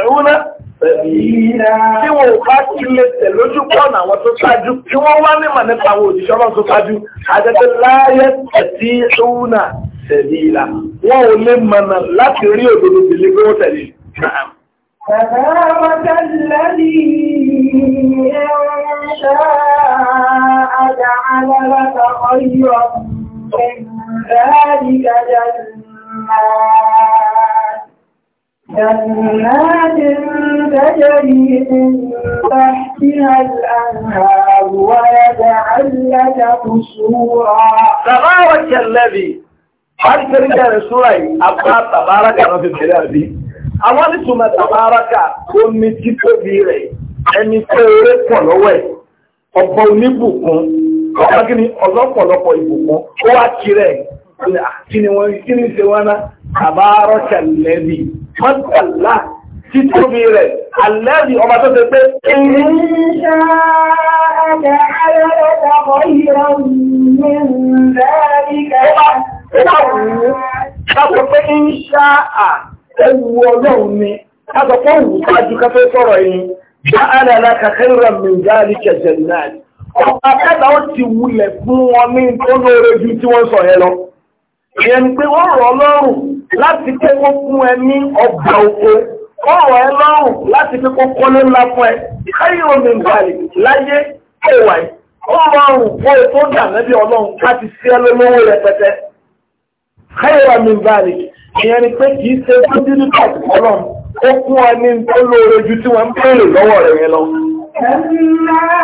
Tí wọ́n bá kí lè tẹ̀ lójú pọ̀nà àwọn tó ṣáájú, tí wọ́n wá nímọ̀ nípa àwọn òṣìṣẹ́ ọlọ́run tó ṣáájú, àjẹ́jẹ́ láyé ẹ̀tí ṣúnà tẹ̀lé ìlà. Wọ́n ò lè mọ̀nà láti rí òdodo tẹ̀lé pé wọ́n tẹ̀lé. Bàbá wa tẹ́lẹ̀ ní ẹ̀ṣẹ́ àjà جنات تجري من تحتها الأنهار ويجعل لك قصورا تبارك الذي har ka rike da surai abba tabaraka rabbil alamin àwọn ìtumọ̀ tabaraka omi tí tóbi rẹ̀ ẹni tó rẹ̀ pọ̀ lọ́wọ́ ẹ̀ ọ̀bọ̀ oníbùkún ọ̀pọ̀ gíní ọlọ́pọ̀lọpọ̀ ìbùkún ó wá kiri ẹ̀ kí ni wọ́n ṣe wọ́n náà àbárọ̀kẹ̀lẹ́bì mọ́tàlá tí tóbi rẹ̀ alẹ́bì ọba tó ti pé Ṣáàrẹ̀lá kàkẹ́rẹ̀ mìírànlì kẹjẹ̀ náà. Ọ̀pàá kẹta ó ti wulẹ̀ fún wọn ní tó lóore ju tí wọ́n sọ yẹ lọ ìyẹn pé wọ́n rọ̀ lọ́rùn láti pé kó fún ẹ ní ọgbà oko wọ́n rọ̀ ẹ lọ́rùn láti pé kó kọ́lé ńlá fún ẹ káyọ̀ omi ìgbàlè láyé ẹ̀wà ẹ̀ ó rọrùn fún ètò ìdàmẹ́bí ọlọ́run láti sí ẹ lólówó rẹpẹtẹ káyọ̀ omi ìgbàlè ìyẹn ni pé kìí ṣe tó dídú tàbí ọlọ́run ó kún ọ ní tó lóore ju tí wọ́n ń béèrè lọ́wọ́ rẹ̀ yẹn lọ. Ẹ̀sìn máa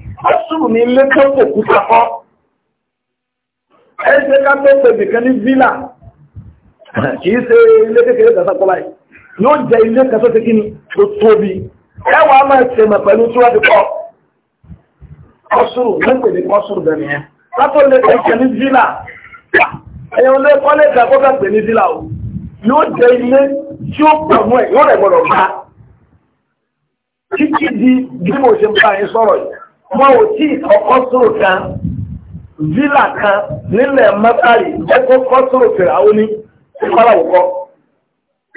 Ọ́sùrù ní ilé tó kò kú sakọ́. Ẹ ṣe ká tó pèbè kan ní Villa. Kìí ṣe ilé kékeré kan sákọ́ báyìí. Yóò jẹ ilé kan tó ṣe kí ni tó tóbi. Ẹ wà á máa ṣe mọ̀ pẹ̀lú tí wọ́n ti kọ́. Ọ́sùrù ló ń pèbè kọ́ sùrù bẹ̀rẹ̀ yẹn. Látò lè pè kan ní Villa. Ẹ̀yàn lè kọ́ lè dàgbọ́ kà pè ní Villa o. Yóò jẹ ilé tí ó pọ̀ mọ́ ẹ̀ yóò rẹ̀ gbọ́dọ̀ bá. Títí di bí mo ṣe ń bá yín sọ̀rọ̀ yìí wọn ò tí ì kọ́kọ́ sórò kan fílà kan nílẹ̀ mẹ́tàlì ẹ̀kọ́ kọ́ sórò fèrè àwọn ní ìkọ́láwùkọ́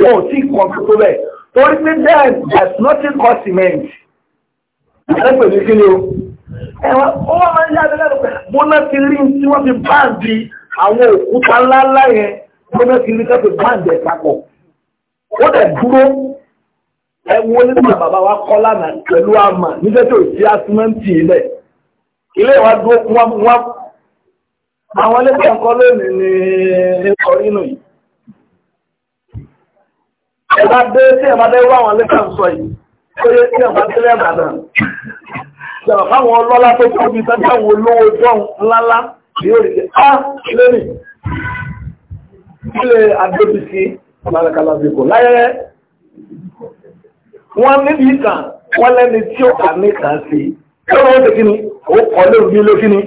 wọn ò tí ì kọ́ tó bẹ́ẹ̀ torí pé there is nothing called cement ẹgbẹ́ mi kí ni o ẹ̀wọ̀n ó wà máa ń yá abẹ́lẹ́ rẹ̀ bóná ti rí tí wọ́n fi báǹdì àwọn òkúta ńláńlá yẹn bóná ti rí tó fi báǹdì ẹ̀ papọ̀ ó dẹ̀ dúró ẹ wo nígbà bàbá wa kọ́ lánàá pẹ̀lú àmà níṣẹ́ tó jí asímẹ́ǹtì ilẹ̀ ilé ìwà dúró wọ́n wọ́n àwọn ẹlẹ́gbẹ́ nǹkan lónìí ní ẹ̀kọ́ nínú yìí ẹ bá dé tí ẹ bá dé wá àwọn ẹlẹ́gbẹ́ sọ yìí ó yẹ tí ẹ bá dé lẹ́bàdàn ṣàbà fáwọn ọlọ́lá tó tóbi sábà àwọn olówó jọ̀hún ńláńlá yóò rí ká ah, lónìí ilé adébísí lálẹ́kàlá fi kò láyé wọ́n níbi ìtàn wọ́n lẹ́ni tí ó kà ní kà sí lọ́wọ́ ó tẹ̀kí ni ó kọ́ lórí mi lókí ni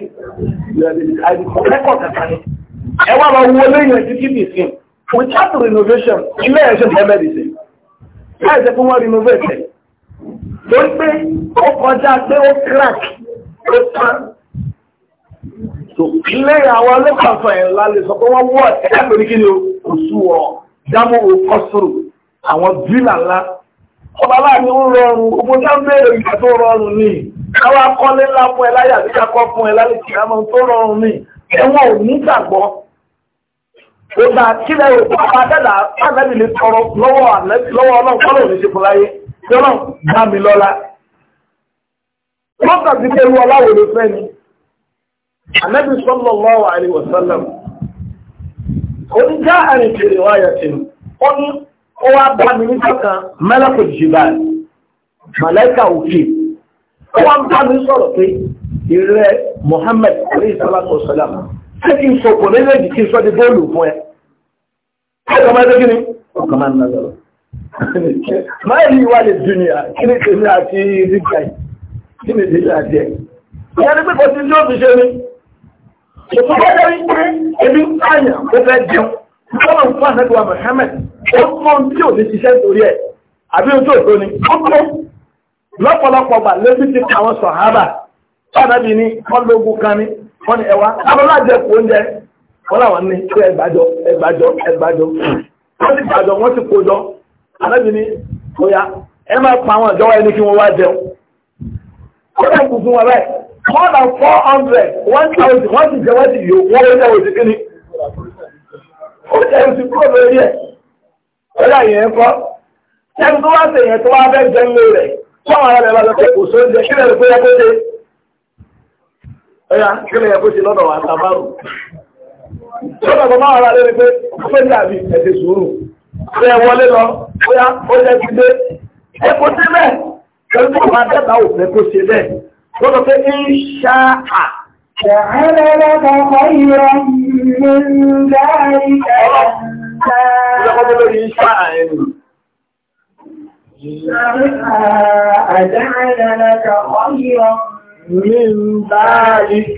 ẹ̀kọ́ kàkà ni ẹ wá máa wo lẹ́yìn títí bì sí without renovation ilé ẹ̀ṣẹ̀ bẹ́ẹ̀ bì sí láì jẹ́ pé wọ́n renovate ẹ̀ torí pé ó kọjá pé ó crack ó tán ilé àwọn ọlọ́pàá fún ẹ̀ ńlá lè sọ pé wọ́n wọ́ ẹ̀ ẹ̀ lórí kí ni o kò sú ọ dámú o kọ́ sórò àwọn bílà ńlá ọba láàrin ó rọrùn gbogbo tá ń bèèrè ìgbà tó rọrùn ni káwá kọ́lé ńlá fún ẹ láyà tí kakọ́ fún ẹ lálẹ́ kí àmọ́ tó rọrùn ni ẹ̀wọ̀n ò ní gbàgbọ́ ó dà kílẹ̀ ò pápá dẹ́dà ànábì lè tọrọ lọ́wọ́ lọ́wọ́ ọlọ́run kọ́lọ̀ ní ṣe fún láyé yọ́nà gbà mí lọ́la lọ́kàn sí pé wọ́n láwọ̀ fẹ́ ni ànábì sallallahu alaihi wasallam ó ní já àrìnkèrè ó wá bá mi níjọ́ kan mẹ́lẹ́kù jìbàl màláìkà òkè ó wá ń bá mi sọ̀rọ̀ pé ìrẹ́ Muhammad alayhi salatu wa salam ṣé kí n sọ kò ní lẹ́yìn kí n sọ di bóòlù fún ẹ. ọkọ̀ máa ń dẹ́gí ni ọkọ̀ máa ń nàzọ̀rọ̀. máa yí wá lè dùn ní à kí ni tèmi àti rígbà yìí kí ni tèmi àti ẹ̀. ìyá ni pípọ̀ sí ní ó fi ṣe ni. ìfowópamọ́ yìí pé ebi ń pààyàn ó fẹ́ jẹun. Ìjọba ń fún àmẹ́gbà Mohammed, ó mọ́ tí ò ní ṣiṣẹ́ torí ẹ̀, àbí ojú òtó ni, ó mọ́ lọ́pọ̀lọpọ̀ bà lébí ti àwọn sọ̀hábà, ọ̀nàbí ni wọ́n lógún kan ní, wọ́n ni ẹwà, alọ́lájẹ́ kò oúnjẹ, wọ́n làwọn ní tó ẹgbàjọ, ẹgbàjọ, ẹgbàjọ. Wọ́n ti gbàjọ, wọ́n ti kójọ, alábí ni, ó ya, ẹ máa pa àwọn ìjọba ẹni kí wọ́n wá jẹun. Ó dẹ̀ kùkùn wọn báyìí, more than four hundred, one thousand, wọ́n ti jẹ wọ́n ti yòó, wọ́n ló òsì kíní ó jẹun ti kúrò lórí ẹ̀ ọ̀rẹ́ àyẹ̀ ń kọ́ jẹun tó wá sí èèyàn tó wá fẹ́ jẹun lórí rẹ̀ tó àwọn ará rẹ̀ bá lọ pé kò sóúnjẹ kí lẹ́nu pé yẹ kó ṣe ọ̀yà kí lẹ́yẹ kó ṣe lọ́dọ̀ wà sábàrù lọ́dọ̀ tó máa lórí pé ọ̀fẹ́ dàbí ẹ̀sẹ̀ sùúrù rẹ̀ wọlé lọ bóyá ó jẹ́ ti dé ẹ kó ṣe bẹ́ẹ̀ pẹ̀lú tó máa dẹ́ta ò fẹ́ kó ṣe bẹ́ẹ̀ lọ́dọ̀ pé ń ṣáà. Ṣàhálẹ́ lọ́kọ̀ọ́ yìí من ذلك أجعل لك خيرا من ذلك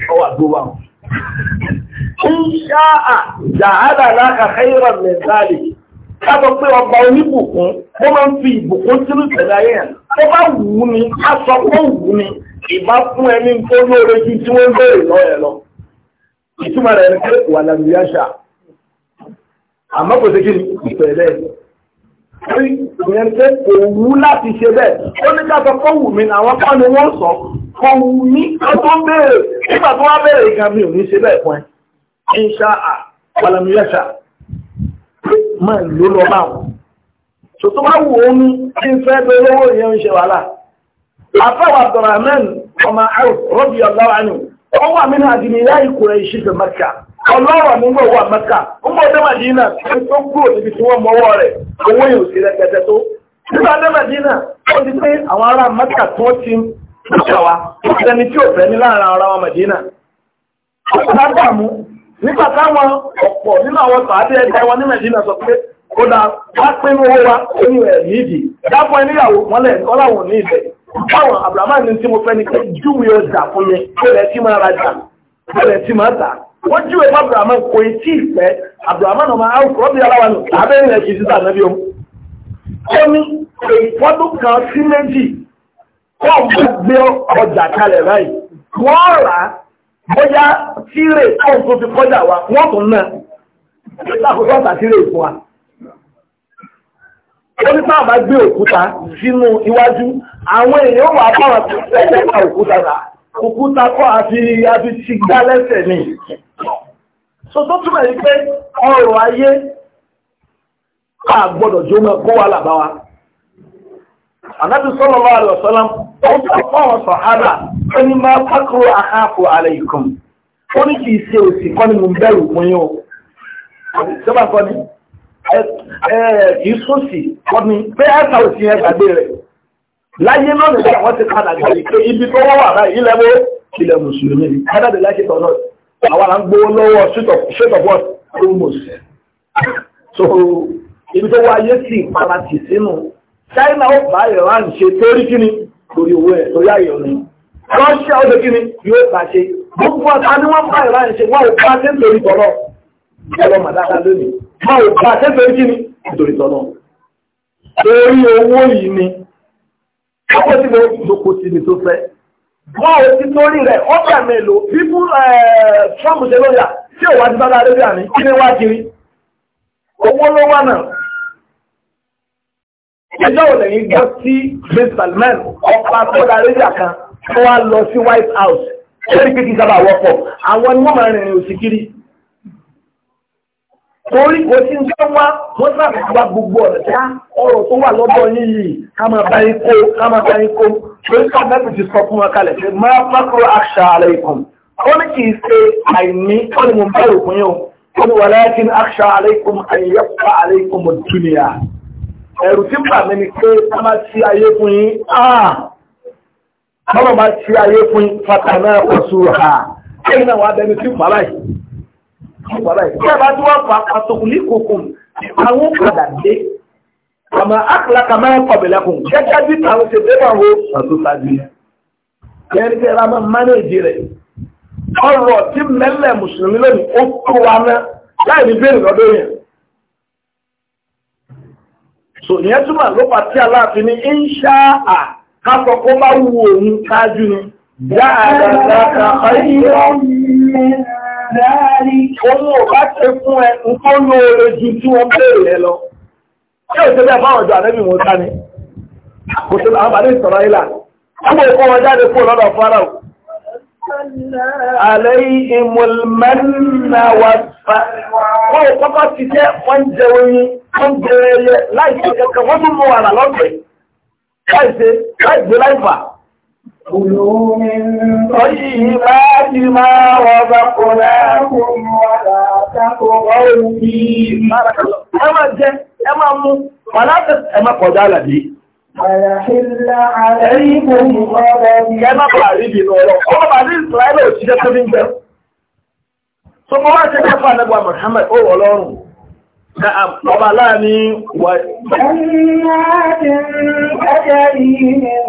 إن شاء جعل لك خيرا من ذلك Kábọ̀ pé ọba oníbùkún, mo máa ń fi ìbùkún sínú ìtẹ̀lẹ̀ ayé ẹ̀. Tó bá wù ní, á sọ pé wù ní, ìbá fún ẹni tó lóore ju tí ìtumọ̀ rẹ̀ ní pé wà làmìyàṣà àmọ́ kò sí kí ni ìfẹ́ bẹ́ẹ̀ rí ìyẹn pé kò wú láti ṣe bẹ́ẹ̀ ó ní káfẹ́ kó wù mí àwọn kan ni wọ́n sọ kò wù mí kó tó béèrè nígbà tó wá béèrè nǹkan mi ò ní ṣe bẹ́ẹ̀ fún ẹ ìṣá wà làmìyàṣà máa ló lọ bá wọn tòtò bá wù ó ní kí n fẹ́ bẹ́ẹ̀ lọ́wọ́ ìyẹn ń ṣe wàhálà àfẹ́wà Abdulrahman ọmọ àrùn rọ́bì ọ̀gá wa nù wọ́n wà nínú àdìmíyá ìkùrẹ́ ìṣìṣẹ́ mẹ́ka ọlọ́rọ̀ nígbà Maka mẹ́ka ń bọ̀ dé màdínà tó kúrò níbi tí wọ́n mọ́wọ́ rẹ̀ owó yóò sí rẹpẹtẹ tó nígbà dé ó ti pé àwọn ará tó ti ń ṣàwá ẹni tí ò fẹ́ ní láàrin ara wọn màdínà. ọ̀pọ̀lọpọ̀ àgbàmú nígbà táwọn ọ̀pọ̀ nínú àwọn sàádé ẹgbẹ́ wọn sọ pé wá wa ó ní ẹ̀ nídìí dápọ̀ káwọn abdulhamid ní tí mo fẹ́ ni pé júwe ọjà fún mi bẹ́ẹ̀ tí máa rajà bẹ́ẹ̀ tí máa tà wọ́n júwe fún abdulhamid kò ì tí ì fẹ́ abdulhamid ọmọ àwùjọ bí aláwa nù abẹ́rẹ́ rẹ̀ kì í sísá ànábì ọmọ. ó ní ìfọdún kan sí méjì kó ń bá gbé ọjà kalẹ̀ báyìí wọ́n rà á bóyá tírè kó ń tó fi kọjá wa wọ́n tún náà ìtàkùn sọ́ọ̀tà tírè fún wa ó ní sáà bá gbé òkúta sínú iwájú àwọn èèyàn wà fáwọn tó fẹ́ẹ́ pa òkúta rà òkúta kọ́ àfi àfi ti gbá lẹ́sẹ̀ ni. so tó túmọ̀ yìí pé ọrọ̀ ayé ká gbọ́dọ̀ jó mọ́ kó wà lábá wa. Ànábì sallallahu alaihi wasallam ó sọ fáwọn sàhábà ó ní máa pákó àháfò alaykum. Ó ní kì í ṣe òsì kọ́ ni mo bẹ̀rù fún yín o. Ṣé bá kọ́ kìí sọ́sì ọdún pé ẹ́sà òsì yẹn gbàgbé rẹ̀ láyé lọ́nà tí àwọn ti padà gbàgbé pé ibi tó wọ́n wà báyìí ilẹ̀ wo ilẹ̀ mùsùlùmí ni kádàdé láti tọ̀ náà àwọn là ń gbowó lọ́wọ́ street of what almost so ibi tó wọ ayé sì para tì sínú China ó bá Iran ṣe torí kíni torí owó ẹ̀ torí ayọ̀ ni Russia ó lè kíni yóò bá ṣe gbogbo ọ̀tá ni wọ́n bá Iran ṣe wọ́n ò bá ṣe nítorí tọ̀rọ̀ ẹ̀rọ màdáta lónìí máa ò bá tẹ́tẹ̀rí kí ni nítorí tọ́nà orí owó yìí ni ọkọ̀ tí mo lóko sí ni tó fẹ́ wọ́n ò ti torí rẹ̀ ọ́pẹ́ mélòó bíbú Trump ṣe lóyà tí ò wá ti bára lórí àmì kí ni wá kiri owó ló wà náà ẹjọ́ ò lẹ́yìn gbọ́ sí Bin Salman ọkọ̀ akọ́dà arabia kan tó wá lọ sí White House lórí pé kí sábà wọ́pọ̀ àwọn ni wọ́n máa rìnrìn òsì kiri torí kò sí jẹ́ wá wọ́n sábà gba gbogbo ọ̀dá ọ̀rọ̀ tó wà lọ́dọ̀ yìí ká máa bá yín kó ká máa bá yín kó torí ká mẹ́rin ti sọ fún wa kalẹ̀ pé máa pákúrò àṣà àlẹ́ ikùn ó ní kì ṣe àìní ó ní mo ń bẹ̀rù fún yóò ó ní walakin àṣà àlẹ́ ikùn àyẹ̀pá àlẹ́ ikùn mo dúnìyà ẹ̀rù tí bà mí ni pé ká máa ti ayé fún yín ká ah! máa ti ayé fún yín fatahana ọ̀ṣù ha ẹ̀yin wà bẹ́ẹ̀ ni Ìjọba tí wọ́n fa àtòkùnlé kòkòm àwọn padà dé. Àmọ́ àkàlà kà máa ń kọ̀bẹ̀lẹ̀ kùn. Gẹ́gẹ́ bí àwọn ṣe fẹ́ bá wo àtúntàgbé. Kẹ́rin kẹ́rin a máa mánéèjì rẹ̀. Ọ̀rọ̀ tí mẹ́lẹ̀ Mùsùlùmí lónìí ó tó wa ná láì ní bẹ́ẹ̀rẹ̀ lọ́dọ̀ yẹn. Sò yẹn túmọ̀ ló pa tí aláàfin ní Inṣáà ká sọ kó bá wù òun ṣáájú ni. Dáadáa ká ayé Òun ò bá ṣe fún ẹ nǹkan lóore ju tí wọ́n béèrè ẹ lọ. Ṣé òṣèlú bẹ́ẹ̀ fáwọn ọjọ́ àlẹ́bí wọn ká ni? Kò sí àwọn bàbá ìsọ̀rọ̀ ìlà. Àwọn òkú wọn jáde kúrò lọ́dọ̀ Fáráò. Àlẹ́ ìmọ̀lmẹ́nà wà fà. Wọ́n ò kọ́kọ́ ti jẹ́ wọ́n jẹ oyin, wọ́n jẹ كلوا من طيبات ما رزقناكم ولا تطغوا فيه بارك الله ẹ máa jẹ ẹ máa mu wàlá ẹ máa kọjá àlàdé. ma نعم وظلام وجنات تجري من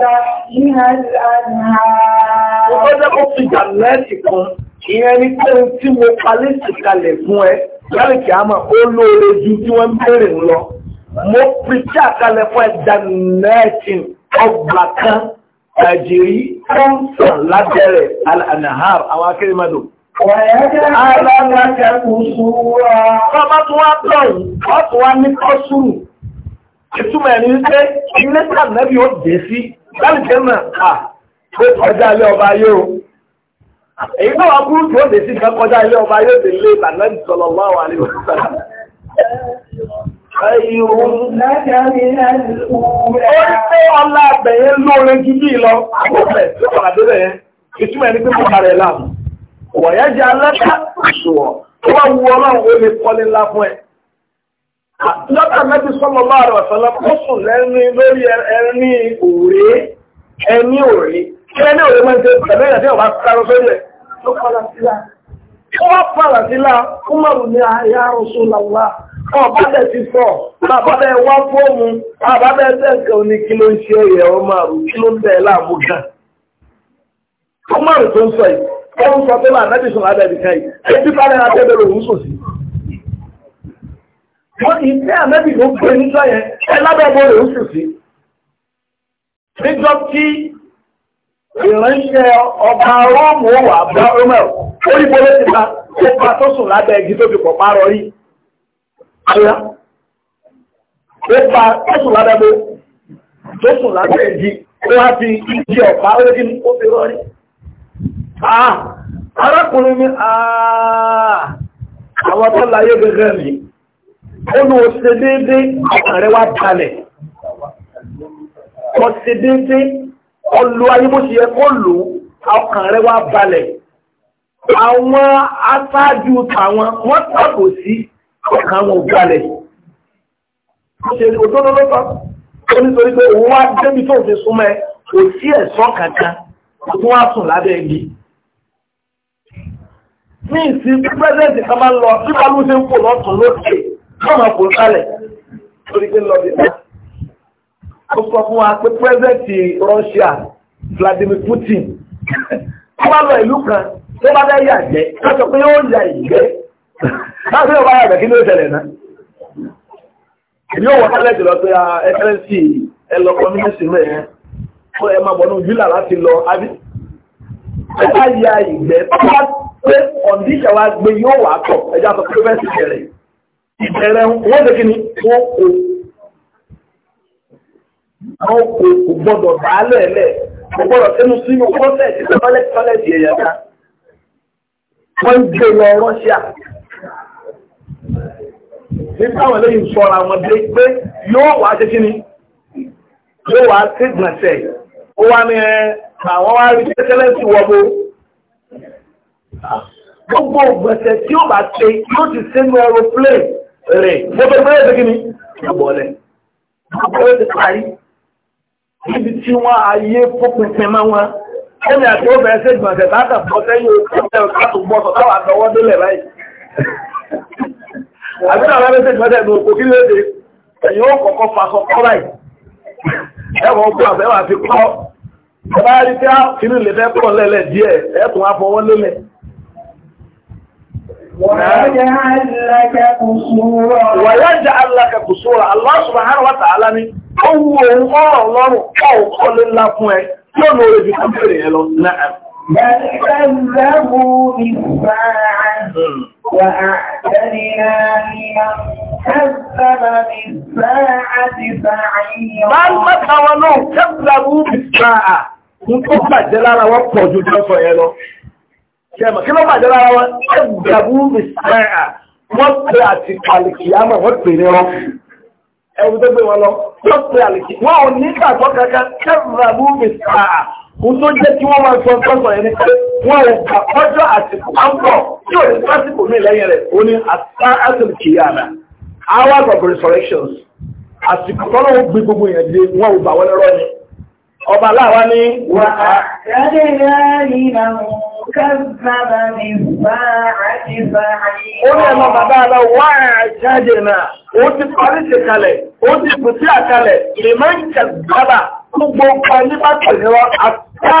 تحتها ìyẹn ní pé tí mo palẹ́ ìsìnkalẹ̀ fún ẹ láìkí àmà ó lóore ju tí wọ́n ń bèèrè lọ mo pìtí àkalẹ̀ fún ẹ danẹ́ẹ̀tìn ọgbà kan àjèrí tó sàn lábẹ́rẹ̀ alànàhàr àwọn akérèmọdò Alágbàjá kò ṣúra. Ọmọ tó wá pọ̀ yìí, wọ́n tó wá ní kọ́ ṣúrù. Ìtumọ̀ ẹni wípé ilé tàbí ó dé sí, láti jẹ́ mọ̀ à, pé kọjá ilé ọba yóò. Èyí náà wá búrú tó dé sí kan kọjá ilé ọba yóò dé lé ìbànú ẹni sọ̀rọ̀ wá wà ní òṣìṣẹ́. Ẹyùn lájá ní ẹni òwúrẹ́. Ó ń pé ọlá àbẹ̀yẹ lóore ju wọ̀yá jẹ́ aláta tó bá wu ọlọ́run ó lè kọ́lé ńlá fún ẹ. lọ́tà mẹ́tì sọ́mọ bá rẹ̀ ọ̀sánlá ó sùn lẹ́ni lórí ẹni òré ẹni òré kí ẹni òré máa ń tẹ pẹ̀lú ẹ̀yà tí ọba kárọ sórí ó wá padà sílá ó má rù ní ayá rọ̀ṣọ́ làwà ọba tẹ̀ ti sọ̀ bàbá bẹ́ẹ̀ wá fóònù bàbá bẹ́ẹ̀ tẹ̀ kẹ́ òní kí ló ń ṣe ẹ̀yẹ̀ ọmọ àrùn kí ló ń tẹ̀ láàmú gan. ó má rù tó ń sọ yìí ọdún sọ pé máa mẹ́bí sùn lábẹ́ ìdíkà yìí ẹbí bá rẹ̀ abẹ́bẹ̀ lòun sùn sí. wọ́n ti ní àmẹ́bí ló gbé níjọ́ yẹn ẹ lábẹ́ bó lòun sùn sí. níjọ́ tí ìránṣẹ́ ọba róòmù wà bá romel ó rí bó ló ti bá ó bá tó sùn lábẹ́ igi tó fi pọ̀ párọ̀ rí. àyà ó bá tó sùn lábẹ́ bó tó sùn lábẹ́ igi ó wá fi igi ọ̀pá ó lé Ah, arákùnrin mi ah, àwọn tó láyé gẹ́gẹ́ mi ó ní òṣè déédé ààrẹ wá balẹ̀ ọ̀sẹ̀ déédé ọlú ayé bó ṣe yẹ kó lò ọkàn rẹ̀ wá balẹ̀ àwọn aṣáájú tàwọn wọ́n tàbò sí ọkàn wọn balẹ̀ òṣèlú tó nítorí pé òun wá débi tó fi súnmọ́ ẹ kò sí ẹ̀sọ́ kankan tó wá sùn lábẹ́ igi ní ìsìn tí pẹ́sẹ̀ntì kan máa ń lọ tí balú ṣe ń kò lọ́tún lókè lọ́mọ kò sálẹ̀ lórí pé lọ bí náà. ó sọ fún wa pé pẹ́sẹ̀ntì Russia Vladimir Putin tó bá lọ ìlú kan tó bá fẹ́ yà jẹ́ ká sọ pé ó yà ìgbẹ́ láti ọba yà jẹ́ kí ló ṣẹlẹ̀ náà. èmi ò wọ sálẹ̀tì lọ pé ẹ̀fẹ́rẹ́sì ah, ẹ lọ kọ́mínísì mẹ́rin ó ẹ máa bọ̀ nù júlà láti lọ àbí. ó bá yà ìgbẹ́ pátá pé ọ̀díṣẹ̀ wa gbé yóò wà tọ̀ ẹjá sọ pé bẹ́ẹ̀ sì bẹ̀rẹ̀ ìbẹ̀rẹ̀ wọ́n lè kíni wọ́n kò wọ́n kò kò gbọ́dọ̀ bàálẹ̀ lẹ̀ kò gbọ́dọ̀ sínú sínú kọ́sẹ̀tì tọ́lẹ̀ tọ́lẹ̀tì ẹ̀yà ká wọ́n ń gbé lọ Rọ́ṣíà ní táwọn eléyìí sọra wọn dé pé yóò wà ṣe kíni yóò wà ṣègbọ̀nsẹ̀ ó wá ní ẹ̀ àwọn wá rí tẹ́tẹ́lẹ́sì wọ́gbó gbogbo gbèsè tí ó bá ṣe yóò ti sínú aeroplane rẹ̀ gbogbo ìgbésẹ̀ tó kíni ìbọ̀lẹ̀ gbogbo ìgbésẹ̀ parí níbi tí wọ́n ayé fọ́pinpin máa wọn ẹni àti ó bẹ̀rẹ̀ sí ìgbọ̀nsẹ̀ láti àpọ̀ sẹ́yìn òkúta láti gbọ́ sọ táwọn àtọwọ́ délẹ̀ báyìí àti àwọn ẹgbẹ́ ìgbọ̀nsẹ̀ ní òkú kílé èdè ẹ̀yìn ó kọ̀kọ́ fasọ kọ́ báyìí ẹwọ̀n ó gbọ́ àfẹ́wà fi kọ́ ẹ bá rí tí á kiri lè fẹ́ pọ̀ lẹ́lẹ̀ díẹ̀ ẹ̀ẹ́tùn afọwọ́ lélẹ̀ ويجعل لك قصورا الله سبحانه وتعالى ni ó wù òun ọ̀rọ̀ lọ́rùn ká òkọ́ lè ńlá fún ẹ tí ó lóore jù fún bèrè ẹ lọ hmm. náà. Bẹ̀rẹ̀lẹ́gbẹ̀rún ìfàà wà àtẹ́rìnà ni a kẹ́bẹ̀rẹ̀ ṣẹ́mọ̀ kí ló bàjẹ́ lára wọn ẹgbẹ̀bú ìsáà wọ́n pè àti àlìkìyàmọ̀ wọ́n pè ní wọn ẹ̀rù tó gbé wọn lọ wọ́n pè àlìkì wọ́n ò ní ìgbàgbọ́ kankan ẹgbẹ̀bú ìsáà kò tó jẹ́ kí wọ́n máa sọ tọ́sọ̀ ẹni pé wọ́n ò gbà ọjọ́ àsìkò àpọ̀ tí ò hours of resurrections àsìkò tọ́lọ́wọ́ gbé gbogbo ìyẹn dé wọ́n ò gbà wọ́n ọba láwa ní wà á ṣẹ́dẹ̀ láàrin ìlànà kẹ́sàbà ní bá àjíṣà àyíká. Ó lẹ́nu bàbá lọ wà á ṣẹ́dẹ̀ náà, ó ti parí ṣe kalẹ̀, ó ti kù sí àkalẹ̀, lè máa ń kẹ́sàbà gbogbo ọkọ̀ nípa tẹ̀lẹ́wọ́ àtàà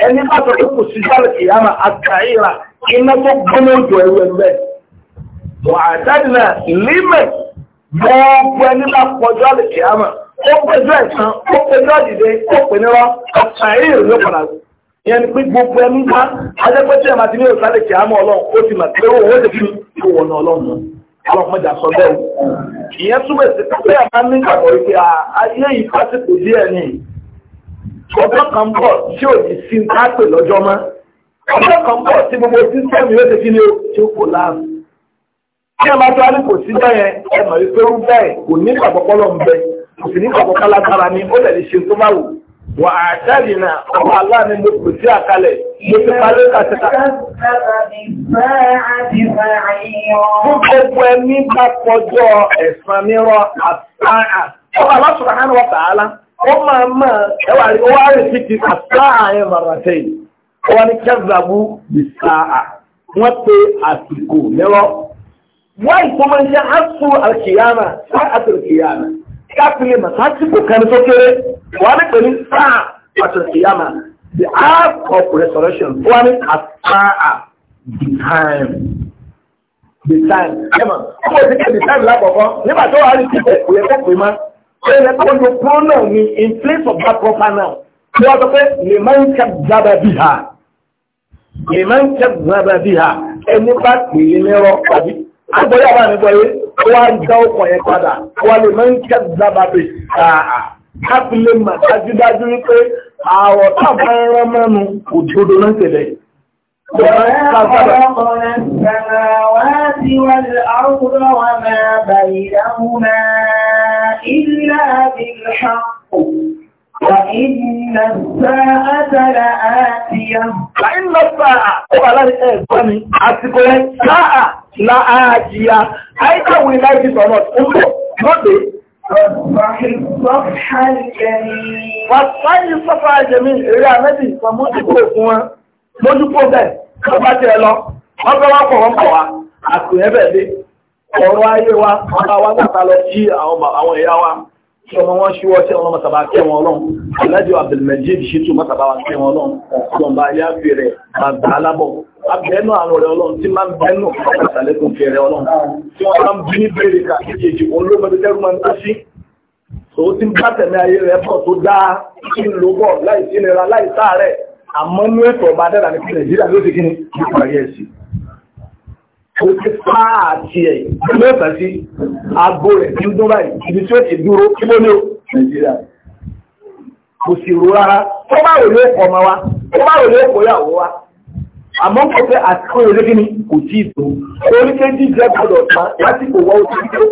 ẹni bá tọ́ kù sí sálẹ̀ ìyáma àtàìrà iná tó gbóná òjò ẹ̀rù ẹ̀rù ẹ̀. Wà á ṣẹ́dẹ̀ náà, límẹ̀ gbogbo ẹni bá pọ̀jọ́ àlẹ̀ ìyáma. ó péjú ẹ̀sán ó péjú ọ̀dìdẹ ó pè nírọ́ àtàrí ìròyìn ọ̀padà ìyẹn gbogbo ẹnu bá ajẹ́pẹ́ ní òsàlẹ̀ kí mọ́ ọlọ́run ó ti owó lè fi ọlọ́run sọ bẹ́ẹ̀ ìyẹn túbọ̀ sí pé ní ìgbàgbọ́ wípé ayé yìí pásítọ̀ díẹ̀ ni lọ́jọ́ mọ́ ọjọ́ kan bọ̀ tí gbogbo sísẹ́mì yóò ti fi ní kò òsìní kọ̀kọ́ kálágbára ni ó lè ṣe tó máa wù wà á jáde náà ọmọ aláàánú mo kò sí àkálẹ̀ mo ti parí kàtẹ́kà. gbogbo wọ́n tààlà ó máa máa wọ́n ní kẹ́zàbù bìsáà wọ́n pe àsìkò àṣù àkìyàmà sáà àtàrà kápílẹ̀ màtásíkò kan tó kéré wà ní pẹ̀lú sáà pàtó ìyáma the hour of resurrection wà ní àtàà the time the time ẹ̀mà ọkọ̀ ti kẹ́ the time lákọ̀ọ́kọ́ nígbà tó wà á rí títẹ̀ kò yẹ kó pè má ó yẹ kó lo pronoun ní in place of that proper noun tí wọ́n sọ pé lè máa ń kẹ́ dábàá bí ha lè máa ń kẹ́ dábàá bí ha ẹni bá pè é lẹ́rọ àbí àgbọ̀yé àbá mi gbọ́ ó wá dá ọkọ̀ yẹn padà wà lè máa ń kẹ́ dábàbè àà láti lè mà dájúdájú wípé àwọ̀ tàbí ẹran mẹ́nu òdodo náà tẹ̀lé. خلقنا السماوات والأرض وما بينهما إلا بالحق وإن الساعة لآتية وإن الساعة ولا الإنسان àsìkò الساعة لآتية either we like it or not ọmọ lóde Wàtàí sọ́fà àjẹmí eré àmẹ́bì kan mójúkó fún wọn, mójúkó bẹ̀, ọba ti ẹ lọ, wọ́n fẹ́ wá pọ̀ wọ́n pọ̀ wá, àkùnrin ẹ̀bẹ̀ dé, ọ̀rọ̀ ayé wa, ọba wa gbàtà lọ sí àwọn ìyá wa, kí ọmọ wọn ṣíwọ́ tí ọmọ mọ́sàbá kí wọn lọ́n alájọ abdulmajid ṣètò mọ́sàbá wa kí wọn lọ́n ọ̀pọ̀lọpọ̀ ayé àfẹ́rẹ́ àgbà alábọ̀ abẹ́nu àwọn ọ̀rẹ́ ọlọ́run tí máa ń bẹ́nu àtàlẹ́kùn fẹ́rẹ́ ọlọ́run tí wọ́n máa ń bí ní bèrè ká kejì olóògbẹ́dẹ́rù máa ń tó sí tó ti ń bá tẹ̀mí ayé rẹ̀ pọ̀ tó dáa kí n lò bọ̀ láì sí nira láì sáà rẹ̀ àmọ́ nú ètò ọba adẹ́rà ní kí Nàìjíríà ló ti kí ni nípa ayé ẹ̀sìn ó ti pa àti ẹ̀ mẹ́ta sí àbò rẹ̀ tí ó dún báyìí ibi tí ó ti dúró kí ló ní o nàìjíríà kò sì rú rárá tó bá wò ló kọ ọmọ wa tó bá wò ló kọ ìyàwó wa àmọ́ kò fẹ́ àtìkò ìrẹ́lẹ́ kí ni kò tí ì tó orí ké jíjẹ gbọdọ̀ tán lásìkò wọ́n ti tó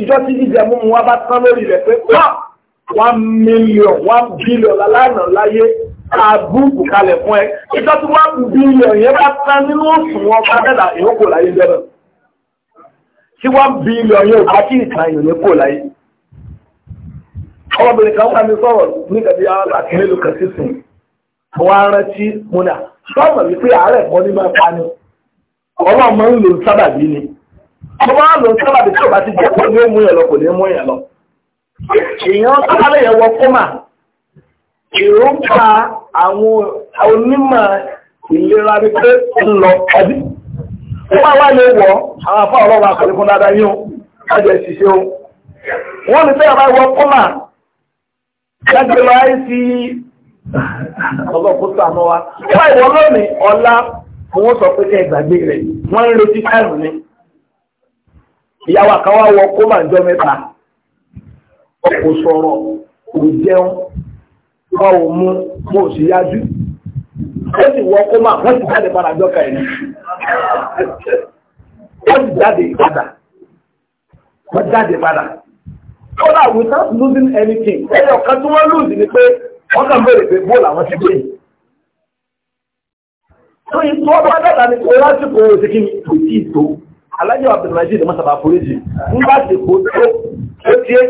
ìjọ tí jíjẹ mú wa bá tán lórí rẹ̀ pé one million one billion lálánà láyé àbúkù kalẹ̀ fún ẹ ìjọ tí wọ́n kù bí ilẹ̀ yẹn bá tán nínú òsùn wọn bá dẹ́dà èyàn kò láyé jẹ́ náà tí wọ́n bí ilẹ̀ yẹn ò bá kí ìtàn èyàn kò láyé ọmọbìnrin kan wà ní sọ̀rọ̀ ní kàbí àkèrè ló kàn sí sìn àwọn arántí múnà sọ́ọ̀mọ̀ wípé àárẹ̀ kan ní máa pani ọmọ ọmọ ń lò sábàbí ni ọmọ ń lò sábàbí tí ò bá ti jẹ́ kò ní mú yẹn lọ kò ní mú yẹn lọ èèyàn sábàbí yẹn wọ fọ́mà èròǹpa àwọn onímọ̀ ìlera rí pé ń lọ ọdí. Wọ́n wá lè wọ̀ àwọn afọ́ ọlọ́wọ́ àkọlẹ́kún dáadáa yíò, ọjọ́ ìṣiṣẹ́ o. Wọ́n ní sẹ́yà bá wọ kọ́mà, láti lọ ayé sí ọlọ́kùn sàmọ́ wa. Wọ́n ìwọ lónìí ọ̀la, wọ́n sọ pé kẹ́ ìgbàgbé rẹ̀, wọ́n ń retí táìmù ni. Ìyàwó àkàwá wọ kọ́mà jọ mẹ́ta. Ọkọ̀ sọ̀rọ̀, kò jẹun, wọn ò mú wọn ò sì yájú ó sì wọ kó máa wọ́n sì jáde padà jọ́ka ẹ̀ ní wọ́n sì jáde padà wọ́n jáde padà kódà without losing anything ẹ̀yọ̀ kan tí wọ́n lose ni pé wọ́n kàn bèrè pé bóòlù àwọn ti gbé yìí tó yí tó bá dàgbà ní kó lásìkò òsì kí ni kò tí ì tó alájọ abdulrasheed mọ́sàbà foríjì nígbà tí kò tó ó tiẹ̀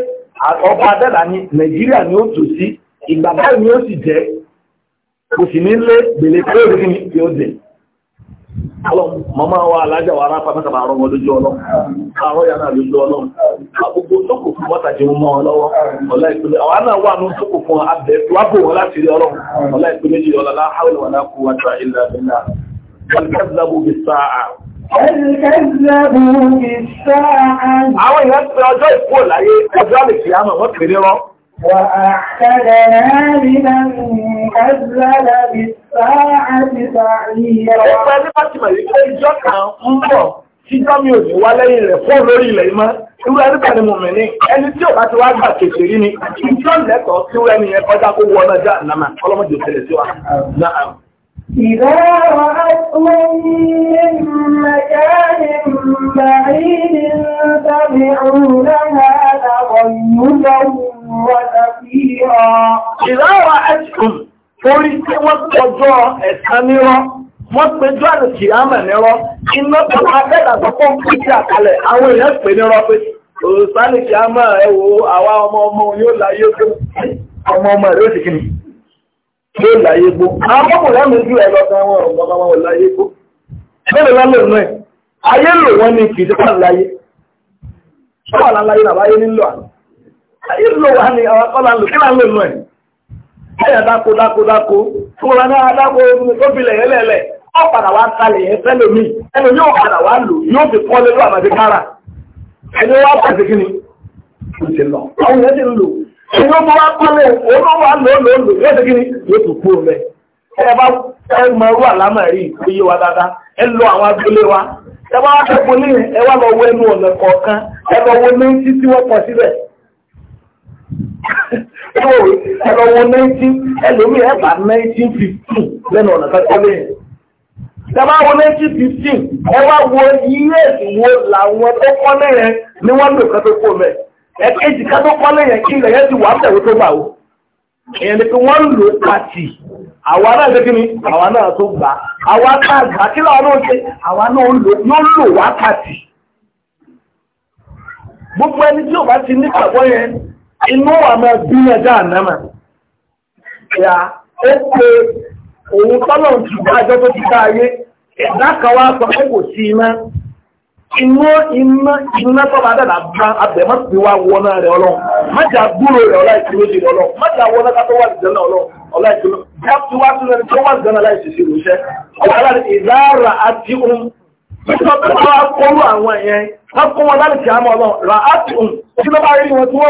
ọba dàgbà ní nàìjíríà ni ó tò sí ìgbà báyìí ni ó sì jẹ́ kò sì ní lé gbèlè pé òrìrì ni yóò jẹ́ mọ́mọ́ wa alájà wa rápa mẹ́ta àrọ́ wọn lójú ọlọ́run àrọ́ yà náà lójú ọlọ́run àgbogbo tókò fún wọ́ta jẹ mọ́ wọn lọ́wọ́ ìpínlẹ̀ وأعتدنا لمن كذب بالساعة سعيرا. Ẹgbẹ́ ní Fátímà yìí pé ìjọ kan ń bọ̀ títọ́ mi ò ní wá lẹ́yìn rẹ̀ fún lórí ilẹ̀ ìmọ̀. Irú ẹni bá ni mo mì ní. Ẹni tí ò bá ti wá gbà kèsè rí ni. Ìjọ lẹ́tọ̀ọ́ sí irú ẹni yẹn kọjá kó wọ náà já nàmà. Ọlọ́mọdé ò sí wa. إذا رأتهم ونفيرا إذا رأتكم torí tí wọ́n pọ̀jọ́ ẹ̀sán nírọ́ wọ́n pẹjọ́ àrùkì àmà nírọ́ iná tó abẹ́dà tó kọ́ fún ìdí àkàlẹ̀ àwọn èèyàn pè nírọ́ pé òsánìkì àmà ẹ̀wò àwa ọmọ ọmọ yóò láyé gbó ọmọ ọmọ rẹ̀ ó sì kìíní yóò láyé gbó àwọn ọmọ rẹ̀ mi jù ẹ̀ lọ́gbà wọn ọmọ ọmọ láyé gbó bẹ́ẹ̀ lọ́lọ́ nù ẹ̀ ayé lò wọ́n ní kìí irú wa ni àwọn kọ́lá lò kílá lò lọ yìí ẹ̀yà dáko dáko dáko ah, tó náà dáko yẹn padà wá kalẹ̀ yẹn ẹnu yóò padà wá lò yóò fi kọ́ kára ẹni wá pàṣẹ kí ni kò sí lọ yẹn ti lò ẹni wọ́n wá kọ́lé wá lò lò lò yóò kí ni yóò tún kú rẹ̀ ẹ bá ẹ mọ irú àlámà rí wa dáadáa wa ẹ bá wá kẹ́kọ̀ọ́ ní ẹ wá lọ wọ ọ̀nà kọ̀ọ̀kan ẹ lọ ẹ̀wọ̀wé ẹ̀lọ́wọ́ 19 ẹlòmí ẹ̀bà 1915 lẹ́nu ọ̀nà kẹ́kọ́lé yẹn tẹ́bá 1915 ẹwà wo years wo làwọn tó kọ́lé yẹn ni wọ́n lò kẹ́tọ́ kó mẹ́ ẹ̀kẹ́jì kẹ́tọ́ kọ́lé yẹn kí ilẹ̀ yẹn ti wà bẹ̀rù tó gbà ó èèyàn ni pé wọ́n lò pàtì àwa náà ṣe kí ni àwa náà tó gbà àwa náà gbà kí làwọn náà ṣe àwa náà yóò lò wá pàtì gbogbo ẹni tí ò bá ti ní pàbọ́ yẹn inú àmọ́ bílẹ̀ dáàmẹ́mà ya ó pé òun tọ́lọ̀ ti bá àjọ tó ti káyé ẹ̀dá kan wá sọ pé kò sí iná inú iná iná tọ́lọ̀ adẹ́dà bá abẹ̀mọ́ sí wá wọná rẹ̀ ọlọ́run májà gbúrò rẹ̀ ọlá ìṣirò sí ọlọ́run májà wọná ká tó wà ní jẹ́nà ọlá ìṣirò já ti wá sí ẹni tó wà ọlá ọlá àti tó um. kọlu àwọn wọ́n wọn láti ọlọ́run, um.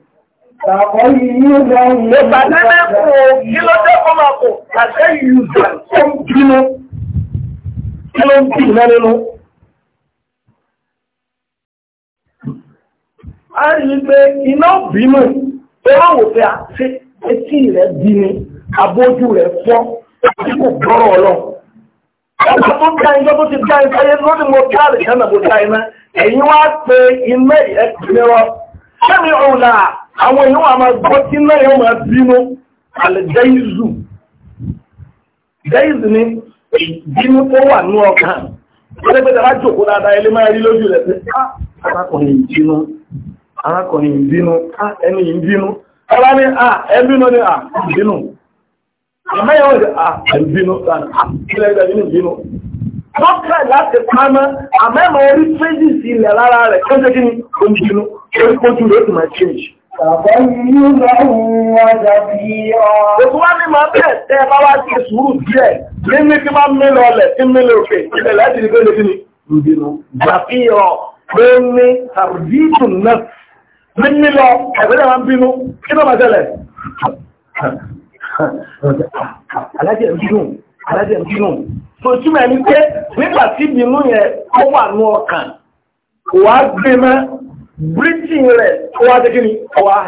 Ìbàdẹ́lẹ́ kò kí ló jẹ́ kó máa kò àṣẹ ìyùzà tó ń bínú, kí ló ń bí ìná nínú. A rí i pé iná bínú, oláwò pé a ṣe etí rẹ̀ bí ni, rẹ̀ fọ́, àti kò gbọ́rọ̀ ọlọ́. Ọba tó dá iná tó ti dá iná yé lórí mo dá àlè kánà mo iná, ẹ̀yin wá pé iná ìrẹ́kùnrin àwọn èèyàn wà máa gbọ́ tí náà yóò máa bínú àlẹ́jẹ́ìzù jẹ́ìzù ni ìbínú tó wà ní ọkàn pẹ́lẹ́pẹ́lẹ́ bá jòkó dáadáa ilé máa rí lójú rẹ̀ pé ah, arákùnrin ìbínú arákùnrin ìbínú ah, ẹni ìbínú ọlá ní à ah, ẹbínú ní à ìbínú ìmẹ́yàwó ní à ìbínú ìbínú Lọ́pẹ̀ láti pamọ́, àmẹ́mọ̀ orí fẹ́jì sí ilẹ̀ lára rẹ̀ kọ́jẹ́ kí ni, ó ń bínú, orí kó tún lè change. Òtún wá ní máa bẹ́ẹ̀ tẹ́ bá wá sí sùúrù díẹ̀ ní ní kí máa mẹ́lẹ̀ ọlẹ̀ tí mẹ́lẹ̀ òkè ìbẹ̀ láti rí pẹ́lẹ̀ ẹni pé nígbà tí ìbínú ó wà ní ọkàn, wàá gbé mẹ́ breathing re ó wá dékí ni ó wá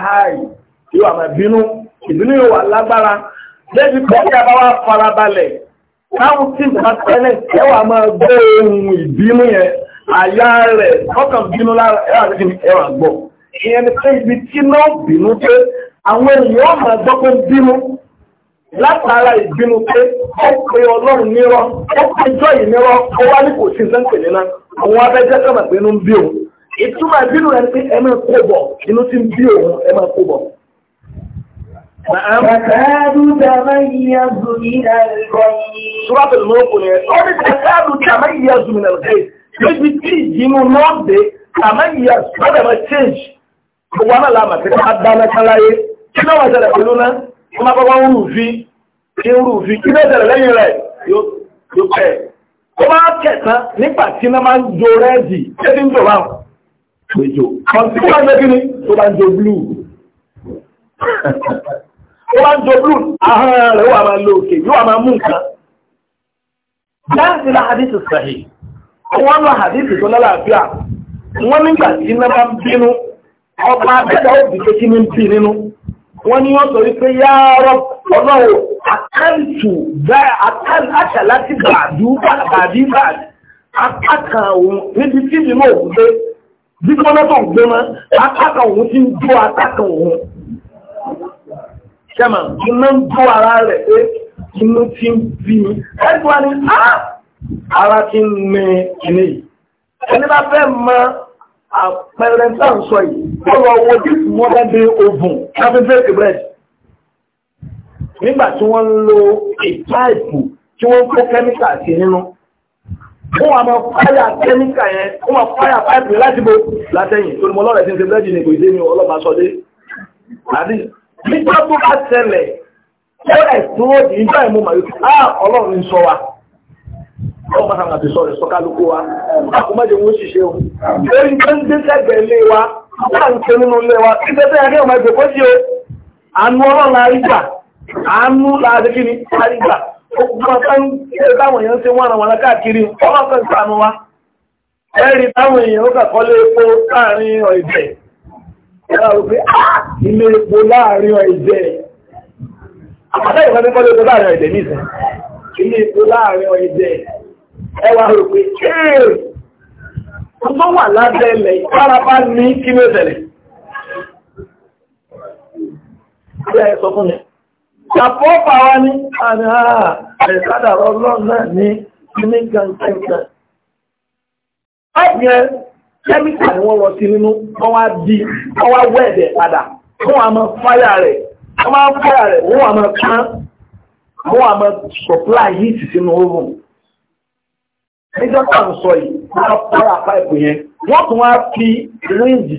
yóò àmà ìbínú ìbínú yóò wà lágbára débi pé bá farabalẹ̀ káwọn tí tẹ́lẹ̀ ẹwà máa gbọ́ ohun ìbínú yẹn àyà rẹ̀ ọkàn bínú lára ẹwà ni ẹwà gbọ́ ìyẹn ni pé ibi tí náà bínú pé àwọn ènìyàn máa gbọ́ pé bínú látara ìbínú pé ó pe ọlọ́run nírọ́ ó ó wá ní kò ìtumọ̀ ìbínú rẹ̀ pé ẹ máa kó bọ̀ inú ti ń bí òun ẹ máa kó bọ̀. Bàtàdù dàmá yíyá zu ìlà ìgbà yìí. Súwábẹ̀ ló kò ní ẹ̀. Ó Kí náà wà ṣẹlẹ̀ pẹ̀lú náà? Kí máa bá wá ń rùfí? Kí ń rùfí? Kí náà ṣẹlẹ̀ lẹ́yìn rẹ̀? Yóò kẹ̀. Ó máa kẹ̀ tán nígbà tí náà máa ń jo rẹ́ẹ̀dì. Ṣé ti ń jò báwọn? ejò kọ̀ǹtíkà ń lẹ́kìnní tó bá ń jọ blue tó bá ń jọ blue ahọ́n rẹ̀ wà máa lo òkè yóò máa mú nǹkan láti la hadith sahih wọ́n lọ hadith tó lálàáfíà wọ́n nígbà tí iná bá ń bínú ọba abẹ́dà òbí pé kí ní ń bì nínú wọ́n ní wọ́n sọ wípé yáárọ̀ ọlọ́wọ́ àkáǹtù àkà láti bàdú bàdí bàdí akákan òun níbi tí ìbínú òun dé gbígbóná tó ń gbóná atáka òun ti ń jó atáka òun ṣẹ́mà iná ń jó ara rẹ̀ pé inú ti ń bí mi ẹgbẹ́ ni á ara ti ń mẹ ilé yìí ẹni bá fẹ́ mọ àpẹẹrẹ tá à ń sọ yìí ó lọ wo this modern day oven having baked bread nígbà tí wọ́n ń lo ìpáìpù tí wọ́n kó kẹ́míkà sí nínú. wọ́n wà fire fáyà kẹ́míkà yẹn wọ́n máa fáyà páìpì láti bo látẹ̀yìn tó mo lọ́rẹ̀ tí ń ṣe bẹ́ẹ̀dì ní ìdé ní ọlọ́pàá sọdé àdí nígbà tó bá ṣẹlẹ̀ ó rẹ̀ tó ó di ìjọ ìmú màá yóò á ah, ọlọ́run sọ wa ọlọ́run bá sàmà ti sọ rẹ̀ sọ́kálukú wa má wọ́n ṣiṣẹ́ o lórí tó ń gbé sẹ́gbẹ̀ẹ́ lé wa wọ́n ń ṣe nínú lé wa ìgbẹ́ tó yẹ kí ọmọ ìgbẹ́ ọgbọ́n táwọn èèyàn ṣe wọ́n àwọn alákàkiri ọlọ́kọ̀ ìsànú wa ẹ̀rí táwọn èèyàn ó ah, ilé epo láàrin ọ̀ẹ̀jẹ̀ àpàtà ìwọ́n ní kọ́lé epo láàrin nìsẹ̀ ilé epo láàrin ẹwà kéèrè tó wà Ṣàpọ̀ pàwà ní àrà àìsádà ọlọ́nà ní kíní gàǹkẹ́ǹkẹ́. Ọ̀gbìn kẹ́míkà ni wọ́n rọ sí nínú, wọ́n wá di, wọ́n wá wẹ́ẹ̀dẹ̀ padà, wọ́n wá máa fáyà rẹ̀, wọ́n máa fáyà rẹ̀, wọ́n wá máa kán, wọ́n wá máa supply heat sínú oòrùn. Níjọ́ tá à ń sọ yìí, wọ́n á fáyà páìpù yẹn, wọ́n tún wá fi ríǹgì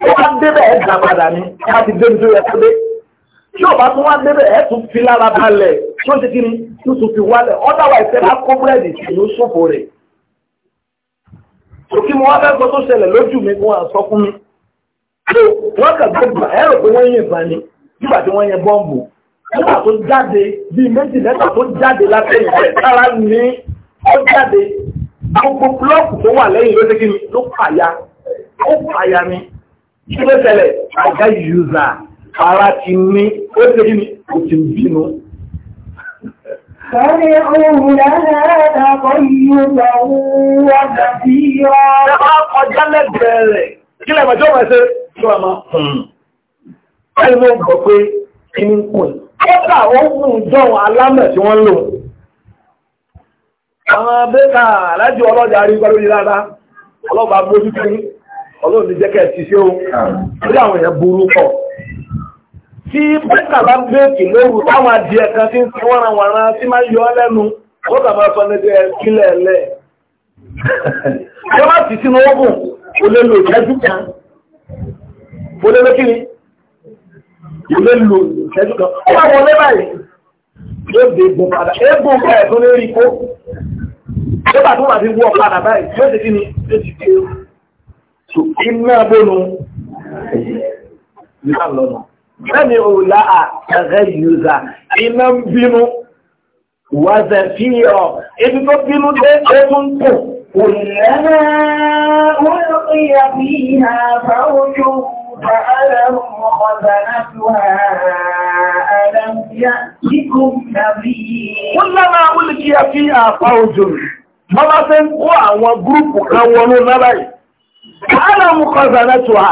ó wá débẹ̀ ẹ̀ dà padà ní ká ti débi tó yẹ kó dé tí ò bá tún wá débẹ̀ ẹ̀ tún fi lára balẹ̀ tí ó ti kiri tó tún fi wálẹ̀ ọ̀dàwà ìfẹ́ bá kó búrẹ́dì sí ló ṣòfò rẹ̀ òkè mo wá fẹ́ sọ tó ṣẹlẹ̀ lójú mi wọn sọ fún mi wọ́n kà gbogbo ẹ̀rọ pé wọ́n yẹn ìbọn ni nígbà tí wọ́n yẹn bọ́ǹbù nígbà tó jáde bíi méjì mẹ́ta tó jáde látẹ̀yìn rẹ̀ sára ní ó jáde gbogbo búlọ́ọ̀kù tó wà lẹ́yìn ló ṣe kí ni ló pààyà ó pààyà ni kí ló àgá yùzà ara ti ní ó ti rí o ti bínú. Sáré ohun lẹ́lẹ́ta kọ́ yíò gbà wọ́n gbà sí yọ. Ṣé wọ́n kọjá lẹ́gbẹ̀ẹ́ rẹ̀? Kí lẹ́gbẹ̀ẹ́ tí ó máa ṣe? Ṣé wọ́n máa hùn? Hmm. Báyìí ló gbọ́ pé kí ń kùn. Kọ́kà ó kùn dán alámẹ̀ tí wọ́n lò. Àwọn bẹ́ẹ̀kà alájì ọlọ́jà rí gbọ́dọ̀ yìí rárá. Ọlọ́ba mójútó ọlọ́run ti jẹ́kẹ́ ti ṣe ó tí àwọn èèyàn burú pọ̀ tí bẹ́ẹ̀kà bá ń bẹ́ẹ̀kì lóru táwọn adìẹ kan ti ń fi wọ́nranwọ̀nra tí máa ń yọ ọ́ lẹ́nu ó kà máa sọ níbi ẹ̀kílẹ̀ ẹ̀lẹ́ yọ́má ti sínú ogun kò lè lò ìṣẹ́jú kan kò lè lò kí ni kò lè lò ìṣẹ́jú kan ó wà wọlé báyìí yóò dé egun padà egun bẹ́ẹ̀ tó lè rí kó yóò bá tó wà sí wọ́ padà báyìí yóò dé kí ni yóò ti dé so iná bónú iná lọ́nà sẹ́ni òòlà àtẹ̀rẹ́ yùzà iná ń bínú wàzẹ̀ fi ọ̀ ibi tó bínú dé ẹkún kù. Òlẹ́nà olùkíyà bí ìhà fáwọ́jú فألم خزنتها ألم يأتكم نبي كلما ألقي فيها فوج Bọ́lá ṣe ń kó àwọn gúrùpù kan wọnú náà báyìí. alamu khazanatuha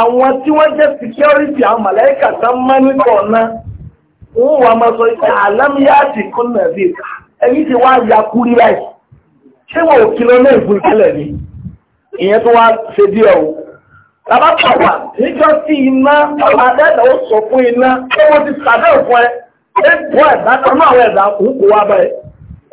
àwọn tí wọ́n jẹ́ security àwọn màláíkà tán mọ́nítọ̀ náà wà máa sọ ìpé àlámíyàtì kún náà bí ẹni tí ya kú rí láì ṣé wọ́n ò kìlọ náà ìfún ni ìyẹn tó wá ṣe díẹ̀ o bàbá pàpà sí iná ọmọ ó fún iná wọ́n ẹ̀dá kan náà ẹ̀dá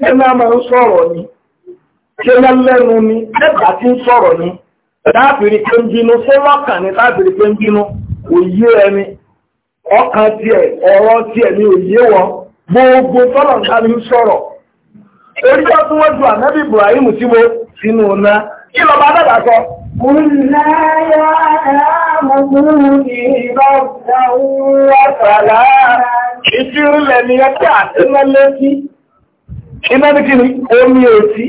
ṣé lámà ń sọ̀rọ̀ ni ṣé lẹ́lẹ́nu ni lẹ́gbàá tí ń ni táàbìrì pé ń bínú ṣé ni táàbìrì pé ń bínú òye ẹni ọkàn tiẹ̀ ọ̀rọ̀ tiẹ̀ ni òye wọn gbogbo tọ́lọ̀ nǹkan ń sọ̀rọ̀ orí tó tún iná ní kíni omi òtí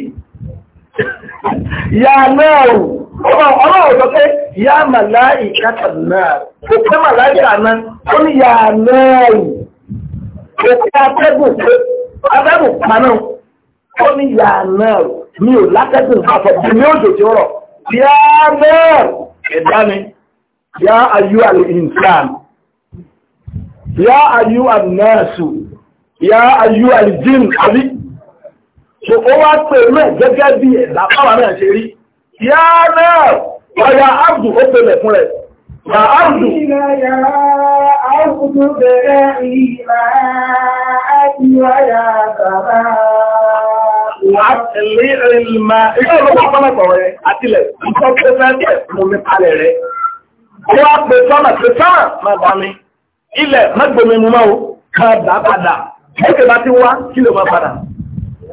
ya náà ọlọ́run sọ pé ya màláì kàtà náà kò pẹ́ màláì kàná ó ní ya náà kò pẹ́ atẹ́gùn pé atẹ́gùn paná ya náà mi ò látẹ́gùn àfọ̀ bí mi ò jòjì rọ̀ ya náà ẹ̀dá ni ya ayú al-insan ya ayú an-nasu ya ayú al-jinn àbí so ó wá pè mẹ́ gẹ́gẹ́ bí ẹ̀dá báwa náà ṣe rí yá náà ọ̀yà abdu ó pèlè fún rẹ̀ yà abdu. yà pè sọ́nà pé sọ́nà máa bá mi. Ilẹ̀ mẹ́gbẹ̀mí mu máa ń kan dá Ó ti bá ti wá kí ló máa padà.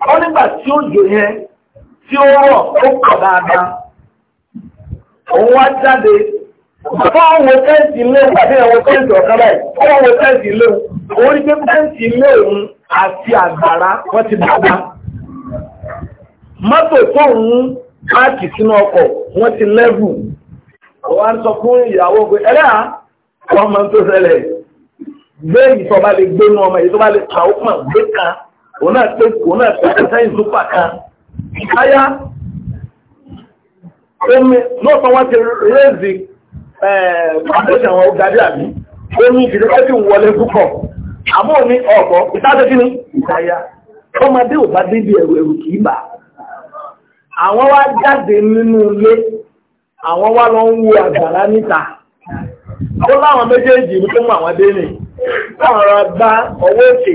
ó nígbà tí ó jò yẹn tí ó rọ̀ ó pọ̀ dáadáa òun wá jáde bàbá àwọn tẹ́ǹtì ilé tàbí àwọn tẹ́ǹtì ọ̀kan láì ó wọ́n tẹ́ǹtì ilé òun ní pé tẹ́ǹtì ilé òun àti àgbàrá wọ́n ti dàgbà mọ́tò tó ń páàkì sínú ọkọ̀ wọ́n ti lẹ́bù wọ́n sọ fún ìyàwó pé ẹlẹ́à ọmọ tó ṣẹlẹ̀ gbé ìtọ́ba lè gbénu ọmọ ìtọ́ba lè kàó pọ̀ gbé kan òun náà pé òun náà pé sẹ́yìn súpà kan káyá omi lọ́pàá wá ti rẹ́ẹ̀zì ẹ̀ẹ́dẹ́sẹ̀ àwọn ọgbàdé àbí omi ìdílé tí wọlé púpọ̀ àmọ́ ní ọ̀pọ̀ ìtàṣẹ́ kí ni ìtayá ọmọdé ò bá débi ẹ̀rù ẹ̀rù kì ó láwọn méjèèjì ní tó mú àwọn dé nì táwọn ọ̀rọ̀ gbá ọwọ́ òkè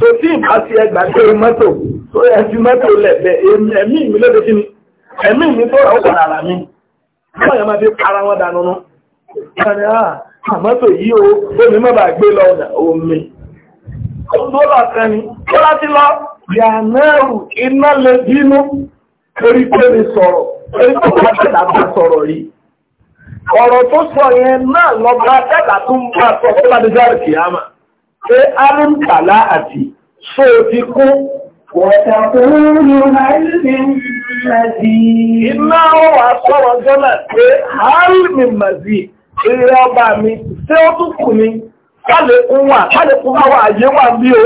so tí ìbá ti ẹgbà pé mọ́tò tó ẹfi mọ́tò lẹ̀bẹ̀ ẹ̀mí mi lóde kí ni ẹ̀mí mi tó ràwọ̀ padà rà mí báwọn yẹn máa fi para wọn dànù nù ẹni à ah, àmọ́tò ah, yìí o omi má bàa gbé lọ omi ó lọ kan ni ó láti lọ yànnẹ́rù iná lè bínú torí pé mi sọ̀rọ̀ torí pé mi padà bá sọ̀rọ̀ yìí ọ̀rọ̀ tó sọ yẹn náà lọ bá dàgbà tó ń bá sọ pé alùkàlá àti ṣó ti kún Iná ó wà sọ́rọ̀ jọ́nà pé hálìmì màzí ìrẹ́ ọba mi tí ó tún kù ní kálẹ̀kún wà kálẹ̀kún bá wà ayé wà bí o.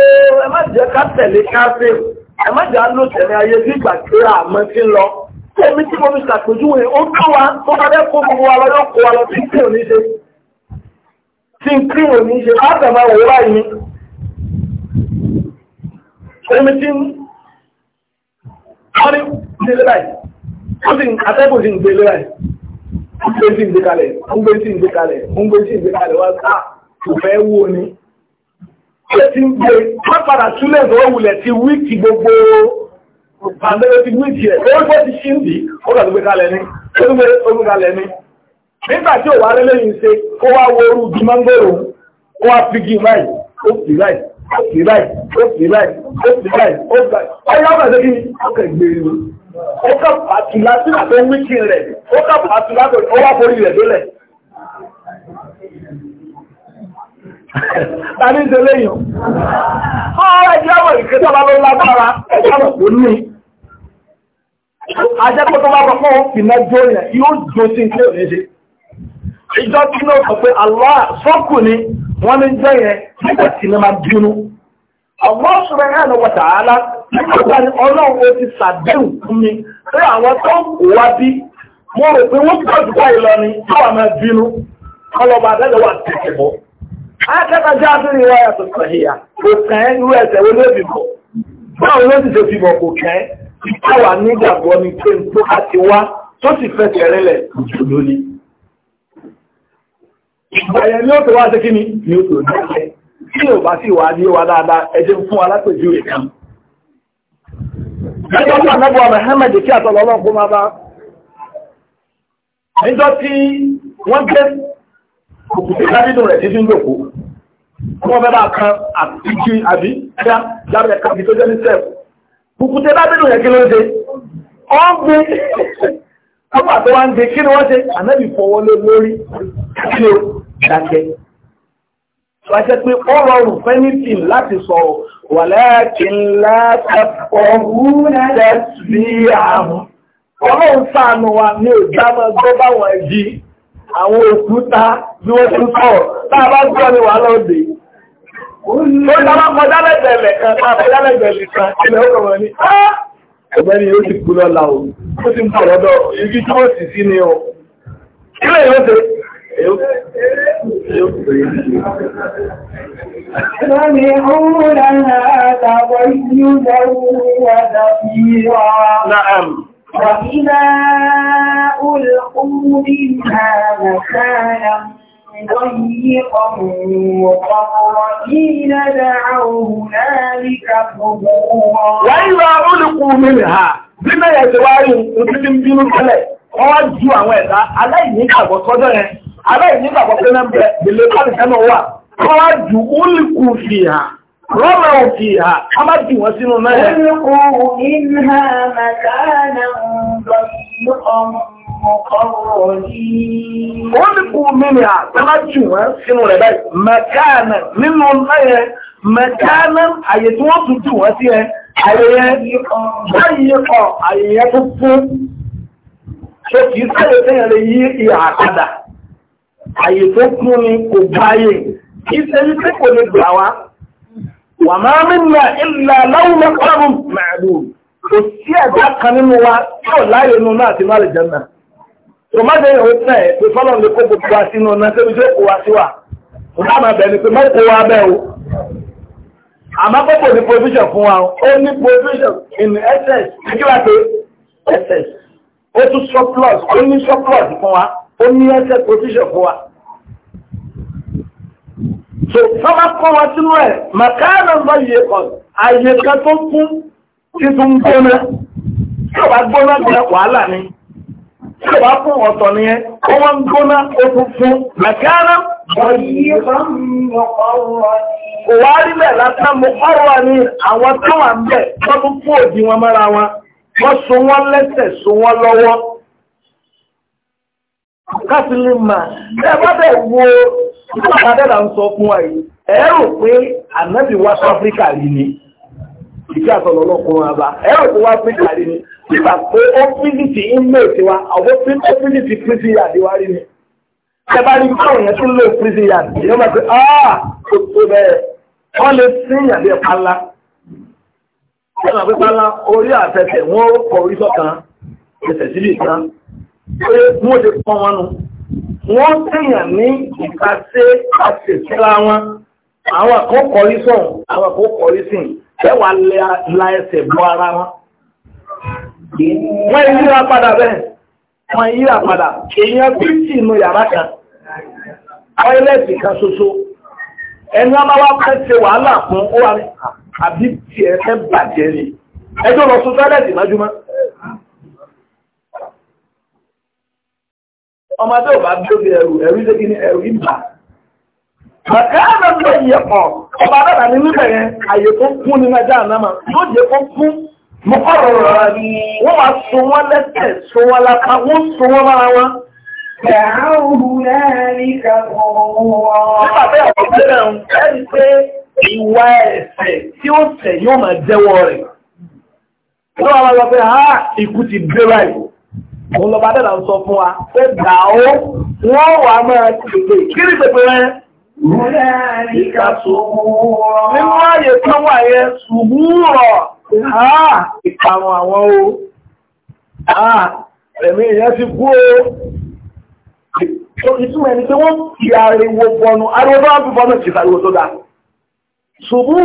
Ẹ má jẹ́ ká tẹ̀lé káfíìn, ẹ má jẹ́ ló tẹ̀lé ayé nígbà tí àmọ́ ti lọ. Ẹ̀mí tí mo fi ṣàpèjúwe ó tó wa tó bá dẹ́kun gbogbo wa lọ́dọ̀ kó wa lọ sí tí ò ní ṣe tí ń kí òní ṣe látàmà òwúrà yìí omi tí ń ọ́rí nílé báyìí ó sì ń atẹ́kùn sí ń gbé lẹ́yìn ń gbé sí ń gbé kalẹ̀ ń gbé sí ń gbé kalẹ̀ ń gbé sí ń gbé kalẹ̀ wá sáà kò fẹ́ wó ni ó ti ń gbé wọ́n túlẹ̀ tó wulẹ̀ ti wíìkì gbogbo pàǹdẹ́rẹ́ ti wíìkì ẹ̀ ó gbé ti ṣíǹdì ó kà tó gbé kalẹ̀ ni ó gbé kalẹ̀ ni nígbà tí òwà rẹ̀ lẹ́yìn ṣe kó wá wo orú ju mọ́ngòrò kó wá fi gi báyìí ó fi báyìí ó fi báyìí ó fi báyìí ó fi báyìí ó fi báyìí ọyá ọmọ ẹ̀sẹ̀ kí ni ó kẹ̀ gbé e ó kà pàtùlá sí àtẹ wíkì rẹ̀ ó kà pàtùlá tó ó wá forí rẹ̀ dólẹ̀. Tàbí ṣe lẹ́yìn. Ọ̀rọ̀ ẹ̀jẹ̀ àwọn ìkẹta bá ló lágbára ẹ̀jẹ̀ àwọn kò ní ajẹ́kọ̀ọ́ tó bá bọ̀ fún ìnájọ́ yẹn yóò jó sí ilé òní ìjọ tí náà sọ pé Allah sọ́kù ni wọ́n ní jẹ́ yẹn nígbà tí ní máa bínú. Allah subhanahu wa ta'ala nígbà tí ọlọ́run ó ti sàdéhùn fún mi pé àwọn tó ń kó wá bí mo rò pé wọ́n pọ̀ jù báyìí lọ ni káwọn máa bínú kọlọ́ba àdájọ́ wà tẹ̀sẹ̀ bọ́. akẹ́kọ̀ọ́ jẹ́ àtúnyẹ̀ wá yàtọ̀ sọ̀hìyà kò kàn án irú ẹsẹ̀ wo ló bì bọ̀. báwo ló ti fi bọ̀ kò kàn ìtawà nígbàgbọ́ ni pé nípa ti wá tó sì fẹsẹ̀ rẹ̀ lẹ̀ jù lónìí. ìgbàyẹn ni ó tó wá sí kí ni ni ó tó dákẹ́ ni ò bá sí wàá ní wa dáadáa ẹjẹ́ fún alápèjú rẹ̀ kan. Ẹjọ́ tó ànábọ̀ Mohammed kí àtọ̀lọ́ máa bá. Níjọ́ tí wọ́n gbé òkùnkùn dábìdùn rẹ̀ títí ń Wọ́n bẹ́ kan àtijì àbí ẹ̀dá kan dákẹ́ Wáṣẹ́ pé ó rọrùn fẹ́nìtì láti sọ̀rọ̀ wà láti ńlá ọ̀hún tẹ́sí àrùn. Ọlọ́run ṣàánú wa ní ìdámọ́ tó báwọn ẹ̀jì àwọn òkúta bí wọ́n ti sọ̀rọ̀ táà bá gbọ́ ni wà lọ́dẹ̀. Ó dábá kọjá lẹ́gbẹ̀ẹ́lẹ̀ kan, kọjá lẹ́gbẹ̀ẹ́lẹ̀ kan, ilẹ̀ ó kọ̀wọ̀ ní, "Ah! Ẹgbẹ́ ni yóò ti kú lọ́la o, ó ti ń pọ̀ lọ́dọ̀, igi tí ó sì sí ni o." Ilé yóò ṣe سمعوا لها تغيزا وزفيرا نعم وإذا ألقوا منها مكانا ضيقا مقرنين دعوا هنالك ثبورا وإذا ألقوا منها بما يتواري وتتم بنو الكلام wọ́n ju àwọn ẹ̀dá aláìníkàgbọ́ sọ́dọ̀ yẹn aláìní bàbá pé náà bẹ gbèlè káàdì sẹ́nu wà wọ́n á ju úlùkù fi hà rọ́nà òfì hà á má jù wọ́n sínú náà yẹn. úlùkù ìhà màkánà wọ́n ní kú mímì à tọ́lá jù wọ́n sínú rẹ̀ báyìí mẹ̀káànà nínú náà yẹn mẹ̀káànà àyè tí wọ́n tún jù wọ́n sí yẹn àyè yẹn báyìí kọ àyè yẹn tó fún ṣe kìí sáyẹ̀ tẹ́yẹ̀ àyè tó kún ni kò báyè kì í ṣe wípé kò lè gbà wá wà máa mìíràn ìlà láwùn mẹ́kọ́rùn màálù kò sí ẹ̀dá kan nínú wa yóò láàyè inú náà ti má lè jẹun náà tó má jẹ́ ìhòòhò tẹ̀ pé fọ́lọ́ lè kó gbogbo wa sínú náà tẹ́bi tó kó wa sí wa kò bá máa bẹ̀rẹ̀ pé mọ́kò wa bẹ́ o àmọ́ kókò ní provision fún wa ó ní provision in excess kí wá pé excess ó tún surplus ó ní surplus fún wa ó ní ẹsẹ̀ position fún wa. so sábà kọ́ wa sínú ẹ̀ màkàrà ń bá yẹ kọ́ àyè kan tó kún títún gbóná tí ò bá gbóná jẹ wàhálà ni tí ò bá fún ọ̀tọ̀ nìyẹn ó wọ́n ń gbóná ó tún fún màkàrà kò wá rí bẹ́ẹ̀ lásán wa ní àwọn tó wà ń bẹ̀ wọ́n tún fún òdì mọ́ra wọn wọ́n so wọ́n lẹ́sẹ̀ so wọ́n lọ́wọ́ kásìlì mà ẹ bá wo ìpàdádà ń sọ fún wa yìí ẹ rò pé ànábì west Africa rí ni ìṣe àtọ̀nà ọlọ́kùnrin àbá ẹ pé wá Africa rí ni nígbà pé ọ́fíìsì inmate wa àwọn ọ́fíìsì prison yard wa rí ni ẹ bá rí báwọn yẹn tún lò prison yard yẹn máa pe ah kò tó bẹ́ẹ̀ wọ́n lè sí ìyàbí ẹ̀pá ńlá wọ́n lè pípa ńlá orí àfẹsẹ̀ wọ́n kọ orí sọ̀kan ẹsẹ̀ sílẹ̀ kan pé wọ́n lè pọ́n wọn nù wọ́n tẹ̀yàn ní ìkàṣe àṣẹ̀síra wọn àwọn àkọ́kọ́ rí sọ̀hún àwọn àkọ́kọ́ rí sìn ẹwà la ẹsẹ̀ bọ́ ara wọn wọ́n yíra padà bẹ́ẹ̀ wọ́n yíra padà èèyàn píìtì inú yàrá kan ọ́ílẹ̀tì kan ṣoṣo ẹni a máa wá pẹ́ ṣe wàhálà fún ó wà ní àbí tiẹ̀ fẹ́ bàjẹ́ ni ẹjọ́ lọ sún tọ́lẹ̀tì májúmọ́ ọmọ tó bá gbé ẹrù ẹrù ṣe kí ni ẹrù ìgbà bàtà náà ló yẹ pọ̀ ọba dàdà ní níbẹ̀ yẹn àyè tó kún ní nàjà ànámà yóò jẹ́ kó kún mọ́ ọ̀rọ̀ rẹ̀ wọ́n wá so wọ́n lẹ́sẹ̀ so wọ́n lápá wọ́n so wọ́n mára wọn. Nígbà bẹ́ẹ̀ ọ̀pọ̀ bẹ́ẹ̀ ń ẹni pé ìwà ẹ̀ṣẹ̀ tí ó tẹ̀ yóò máa jẹ́wọ́ rẹ̀. Wọ́n wá lọ òun lọ́ba dẹ́dà ń sọ fún wa pé gbà ó wọ́n wà máa pèpè kiri pèpè rẹ̀. Múlẹ́ẹ̀ríkà sùúrọ̀. Nínú ààyè kan wà yẹn sùúrọ̀. Ìparun àwọn o. Ẹ̀mí ìyẹn ti kú o. Ìtumọ̀ ẹni pé wọ́n fi ariwo bọnu, ariwo bá ń fi bọnu kì í sàriwo tó dáa. Sùúrù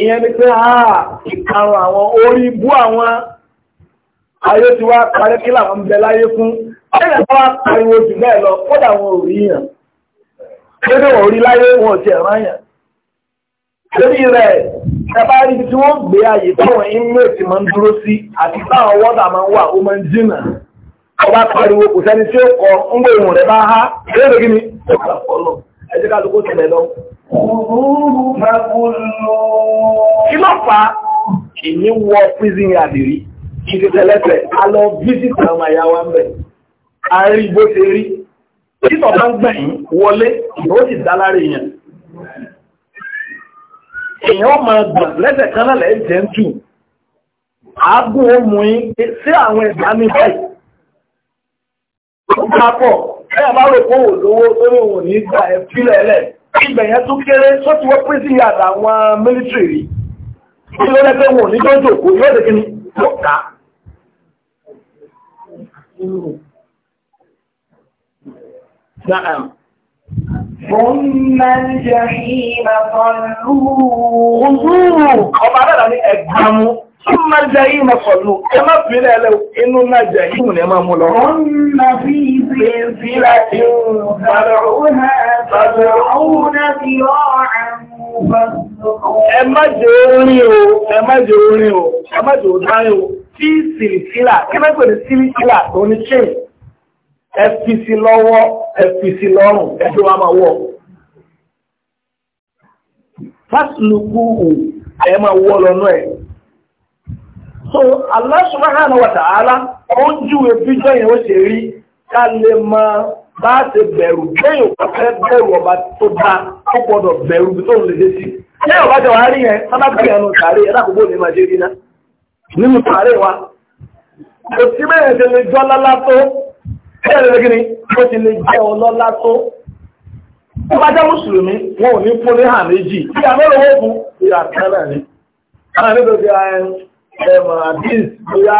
ìyẹn ni pé ìparun àwọn orí ibú àwọn ayé ti wá parí kí làwọn bẹ láyé fún ẹ̀yà bá wá pariwo jù bẹ́ẹ̀ lọ kódà wọn ò rí yàn kéde wọn ò rí láyé wọn ò tiẹ̀ rán yàn lórí rẹ̀ ẹ bá rí ibi tí wọ́n gbé ààyè táwọn inmate máa ń dúró sí àti táwọn wọ́dà máa ń wà ó máa ń jìnà ọba pariwo kò sẹ́ni tí ó kọ ń gbé ohun rẹ̀ bá há kéde kí ni ó kà fọlọ́ ẹ jẹ́ ká lóko tẹ̀lé lọ. kí ló fà á èmi wọ prison yard rí ìdìtẹ̀lẹ́tẹ̀ a lọ visit àwọn àyàwó ń bẹ̀ a rí bó ṣe rí títọ̀ bá ń gbẹ̀yìn wọlé ìbò sì dá lára èèyàn èèyàn máa gbà lẹ́sẹ̀ kan náà lẹ́yìn jẹ́ ń tù àágùn ó mú yín sí àwọn ẹ̀dá ní báyìí ó bá pọ̀ ẹ̀yà bá rò pé òdòwó tó ní òun ní gbà ẹ̀ fílẹ̀ ẹlẹ̀ ìgbẹ̀yẹn tó kéré tó ti wọ́n pín sí yàrá àwọn mílítìrì kí ló lẹ́gbẹ̀ẹ́ wọn ní jọ́jọ́ kò yóò dé yóò ká sùúrù. Na'am. ثم الجحيم صلوه ọba dára ní ẹgbàmú ثم الجحيم صلوه ẹ má fìlẹ̀ ẹlẹ́ inú náà jẹ̀hìmù ní ẹ máa mú lọ. في سلسلة فرعونها سبعون ذراعا ẹ má jẹ́ orin o ẹ má jẹ́ orin o ẹ má jẹ́ orin o tí sìlìsílà kí ló pè ní sìlìsílà tó ní chain fpc lọ́wọ́ fpc lọ́rùn ẹjọ́ wa máa wọ̀ fásilùkù ò ẹ máa wọ́ lọ́nà ẹ̀ so Allah subhanahu wa ta'ala ó ń júwe bíjọ́ yẹn ó ṣe rí ká lè máa bá ṣe bẹ̀rù kéèyàn bá fẹ́ bẹ̀rù ọba tó bá ó gbọ́dọ̀ bẹ̀rù tó ń lè dé sí kéèyàn bá jẹ́ wàá rí yẹn sábà bí ẹnu tààrí ẹ̀dá àkókò ní màjẹ́rì náà nínú tààrí wa kò sí bẹ́ẹ̀ ṣe lè jọ lọ́lá tó ẹ̀rẹ̀ gíní ó ti lè jẹ́ ọlọ́lá tó ó bá jẹ́ mùsùlùmí wọn ò ní fún ní hàn méjì tí a mẹ́rin owó fún ìyá kẹ́lẹ̀ ni àwọn níbi ti ẹ̀mọ̀ àdís bóyá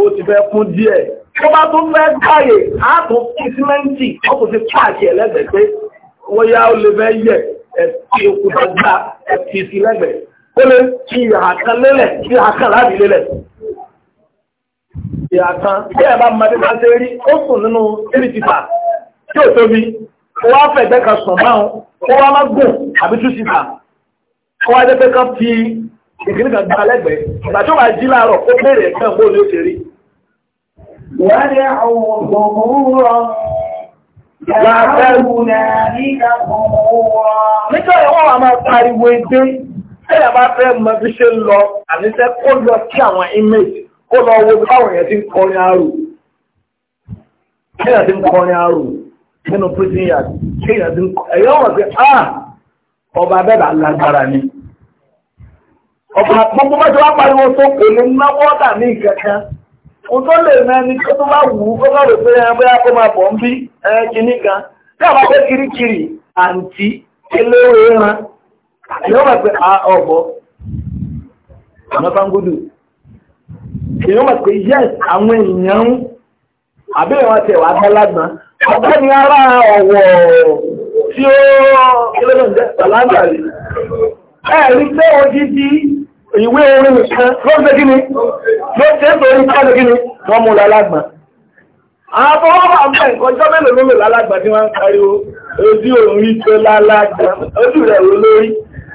ó ti fẹ́ fún díẹ̀ tó bá tún fẹ́ káyè àtún kìsímẹ́ǹtì ó kò sí páàkì ẹlẹ́gbẹ̀ẹ́ pé wọ́n yá ó lè fẹ́ yẹ ẹ̀fí okùn dáadáa ẹ̀fí sí lẹ́gbẹ̀ẹ́ ó lè fi ìhà kan lélẹ̀ fi ìhà kan láàbì lélẹ̀ ìhà kan bí ẹ bá mọdé bá ṣe rí ó sùn nínú three seater tí ò tóbi kó wá fẹ̀gbẹ́ kan sùn báwọn kó wá má gùn àbí two seater kó wá jẹ́ kan fi ìkíní kan gba lẹ́gbẹ̀ẹ́ ìgbà tó bá jí láàárọ̀ ó béèrè ẹ̀fẹ́ ògbó ni ó ṣe rí. wọ́n ní àwọn ògbòmùrọ̀ yàrá ìwúlẹ̀ nígbà gbogbo wọn. nígbà yẹn wọ́n wà máa pariwo ẹgbẹ́ ẹ̀yà bá fẹ́ mọ bí ṣe ń lọ àníṣẹ́ kó lọ sí àwọn image kó lọ wo bí báwọn èèyàn ti ń kọrin àrò kéèyàn ti ń kọrin àrò nínú prison yard kéèyàn ti ń kọ ẹ̀yọ́ wọ̀n pé ah ọba abẹ́rẹ́ alágbára ni ọba gbogbo mẹ́ta wá pariwo tó kò ní ná bọ́dà ní ìkẹ́kẹ́ ohun tó lè mẹ́ ni tó tó bá wù ú kó bá rò pé ẹ eh, bóyá kó máa bọ̀ ń bí ẹ eh, kìíní kan tí àwọn akẹ́kiri kiri àǹtí eléré ran èèyàn máa pé ah, ọ̀bọ̀ àmọ́ fangudu èèyàn máa pé yes àwọn èèyàn ń àbẹ́yẹ̀ wọn tẹ̀ wá gbálágbá ọ̀gá ni ara ọ̀wọ̀ tí ó kílódé ọ̀láńdà rí ẹ̀rí pé odidi ìwé orin nìkan ló ń gíní ló ṣe torí káàdì gíní wọ́n mú lálágbà àwọn ọmọ àmọ́ ìkọjọ́ mélòó mélòó lálágbà tí wọ́n ń pariwo ojú òun rí tó lálágbà ojú rẹ̀ olórí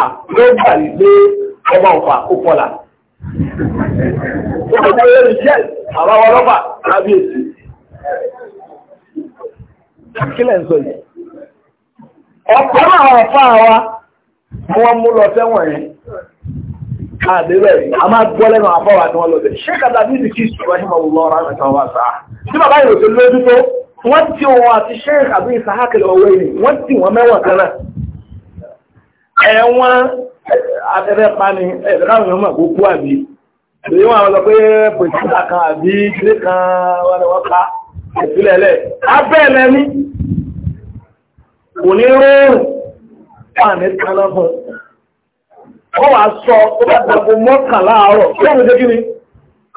àpé gbà wípé ọba ọ̀fà kó kọlà. Ó kọ́ pé Rìṣẹ́l àwọn ọlọ́pàá kábíyèsí. wa wọ́n mú lọ sẹ́wọ̀n yẹn. Àdébẹ̀ a máa gbọ́ lẹ́nu àfọwà tí wọ́n lọ bẹ̀. Ṣé kàtà bí ìdíkì ìṣòro ṣe máa wù lọ́wọ́ ẹ̀wọ̀n abẹ́rẹ́ pani ẹ̀dáwọn èèyàn mọ̀ kó kú àbí èyí wọn lọ pé pèsè kan àbí ilé kan wọn ká ìpínlẹ̀ lẹ̀ abẹ́ lẹ́ni kò ní rọrùn wà ní kaná fún ọ wà sọ ó bá dàgbò mọ́kànlá àárọ̀ tí wọ́n jẹ́ kí ni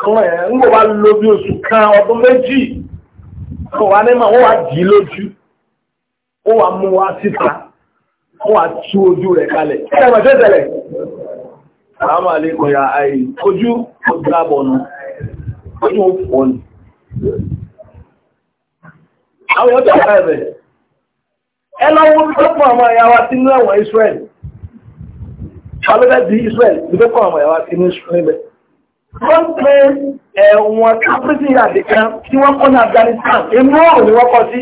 àwọn ẹ̀ ń bọ̀ wá bí oṣù kan ọdún méjì wọ́n ní mà wọ́n wà jì lójú ó wà mú wa síta wọ́n wá tú ojú rẹ̀ kalẹ̀. Ẹ mọ̀ tẹ́tẹ̀lẹ̀. Àwọn àlékọ̀ ya àì ojú ọ̀dábọ̀nù, ojú òfòònù. Àwọn ọjọ́ ẹ̀rẹ̀. Ẹ lọ́wọ́ pípọ̀ àwọn ẹ̀yà wa sínú ẹ̀wọ̀n Israẹ̀l. Alẹ́bẹ̀ di Israẹ̀l pípọ̀ àwọn ẹ̀yà wa sínú Israẹ̀l. Wọ́n pe ẹ̀wọ̀n Kápẹ́sì àdìkan tí wọ́n kọ́ ní Afghanistan, inú ọ̀rùn ni wọ́n kọ́ sí.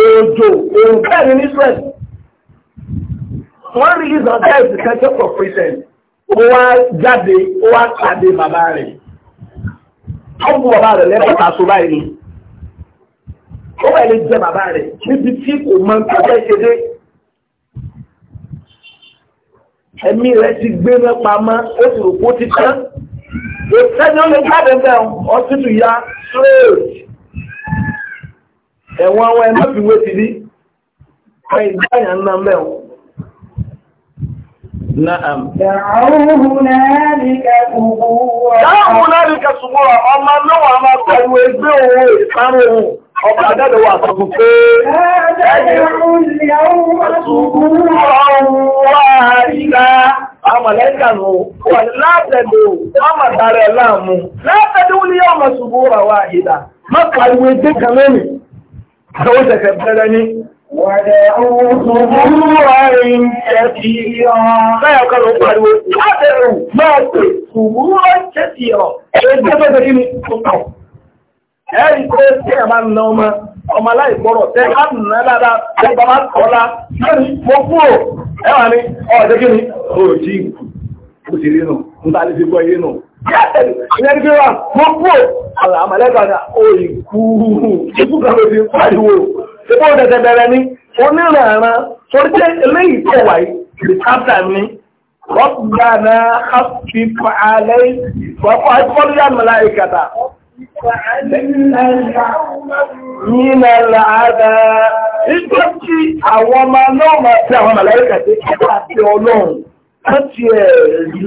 Òjò, òrùn bẹ́ẹ̀ ni Israẹ̀l wọ́n release on time to catch up for prison ó wá jáde ó wá pàdé bàbá rẹ̀ ó bu bàbá rẹ̀ lẹ́kọ̀ọ́ta tó báyìí ni ó wà lè jẹ bàbá rẹ̀ níbi tí kò mọ nǹkan fẹ́ ṣe dé ẹ̀mí rẹ̀ ti gbé mẹ́pa mọ́ ó sì rò pé ó ti tán ìfẹ́ni ó lè jáde bẹ́ẹ̀ ọtútù ya straight ẹ̀wọ̀n àwọn ẹ̀mọ́fìwé ti ní ẹ̀yìn dáyà ń ná mẹ́wọ̀n. Na'am. Dàáhùn lálìkà ṣùgbọ́n. Dàáhùn lálìkà ọmọ pẹ̀lú ẹgbẹ́ owó ìparun Ọba àdádọ̀ wà sọ́kùn pé Àmàlẹ́kànú wà ọmọ ṣùgbọ́n wà ìdá. Má pariwo ẹgbẹ́ kan lónìí. Àwọn ìṣẹ̀kẹ̀ bẹ̀rẹ̀ Wàdẹ̀rún ṣùgbúrọ̀rin kẹfìrọ̀. Báyọ̀ kan ló tó tẹ́rí ní ọ̀pọ̀. Ẹ̀rí kó tí ẹ̀ ẹwà ni, ọ̀dẹ́ kí ni, ó jí ìkù, ó nù, ń ta lè fi gbọ́ yé nù. Ìyẹn kí wà, mo kúrò, àmàlẹ́gbàdà, ṣe bó dẹ̀dẹ̀ bẹ̀rẹ̀ ni onírànran torí pé eléyìí tó wà yìí rìpáta ni rọ́gbàna hafifa alẹ́ wàkọ́ àkọ́lẹ́yà mẹ́la ìkàtà. Nínà làádá. Ìjọ tí àwọn ọmọ náà máa fi àwọn màláìkà ti ẹ̀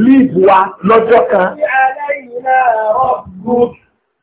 líìbù wa lọ́jọ́ kan. Àlẹ́ yìí náà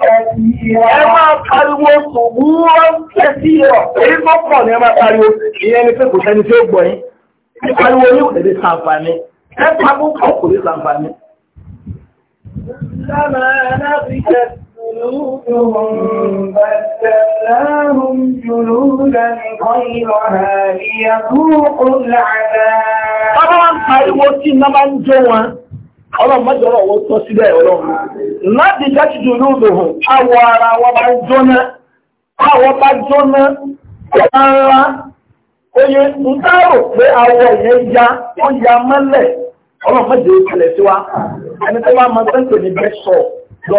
Ẹ máa pariwo ṣùgbọ́n kẹsí ọ̀. Èyí tó pọ̀ ní ni pé kò sẹ́ni tí ó gbọ́ yín. Ẹ pariwo ní òdèdè sàǹfààní. Ẹ pariwo pọ̀ ń pariwo tí iná ń jó wọn. ọlọ́run mọ́jọ́ ọ̀rọ̀ wọ́n tọ́ sílẹ̀ ọlọ́run láti jájújú olóòlòhùn awọ ara wọn bá jóná awọ bá jóná ọ̀rá oye ń dárò pé awọ ìyẹn ya ó ya mọ́lẹ̀ ọlọ́run mọ́jọ́ ìkẹlẹ̀ sí wa ẹni tó bá máa tẹ́ǹtẹ̀ ní bẹ́sọ̀ lọ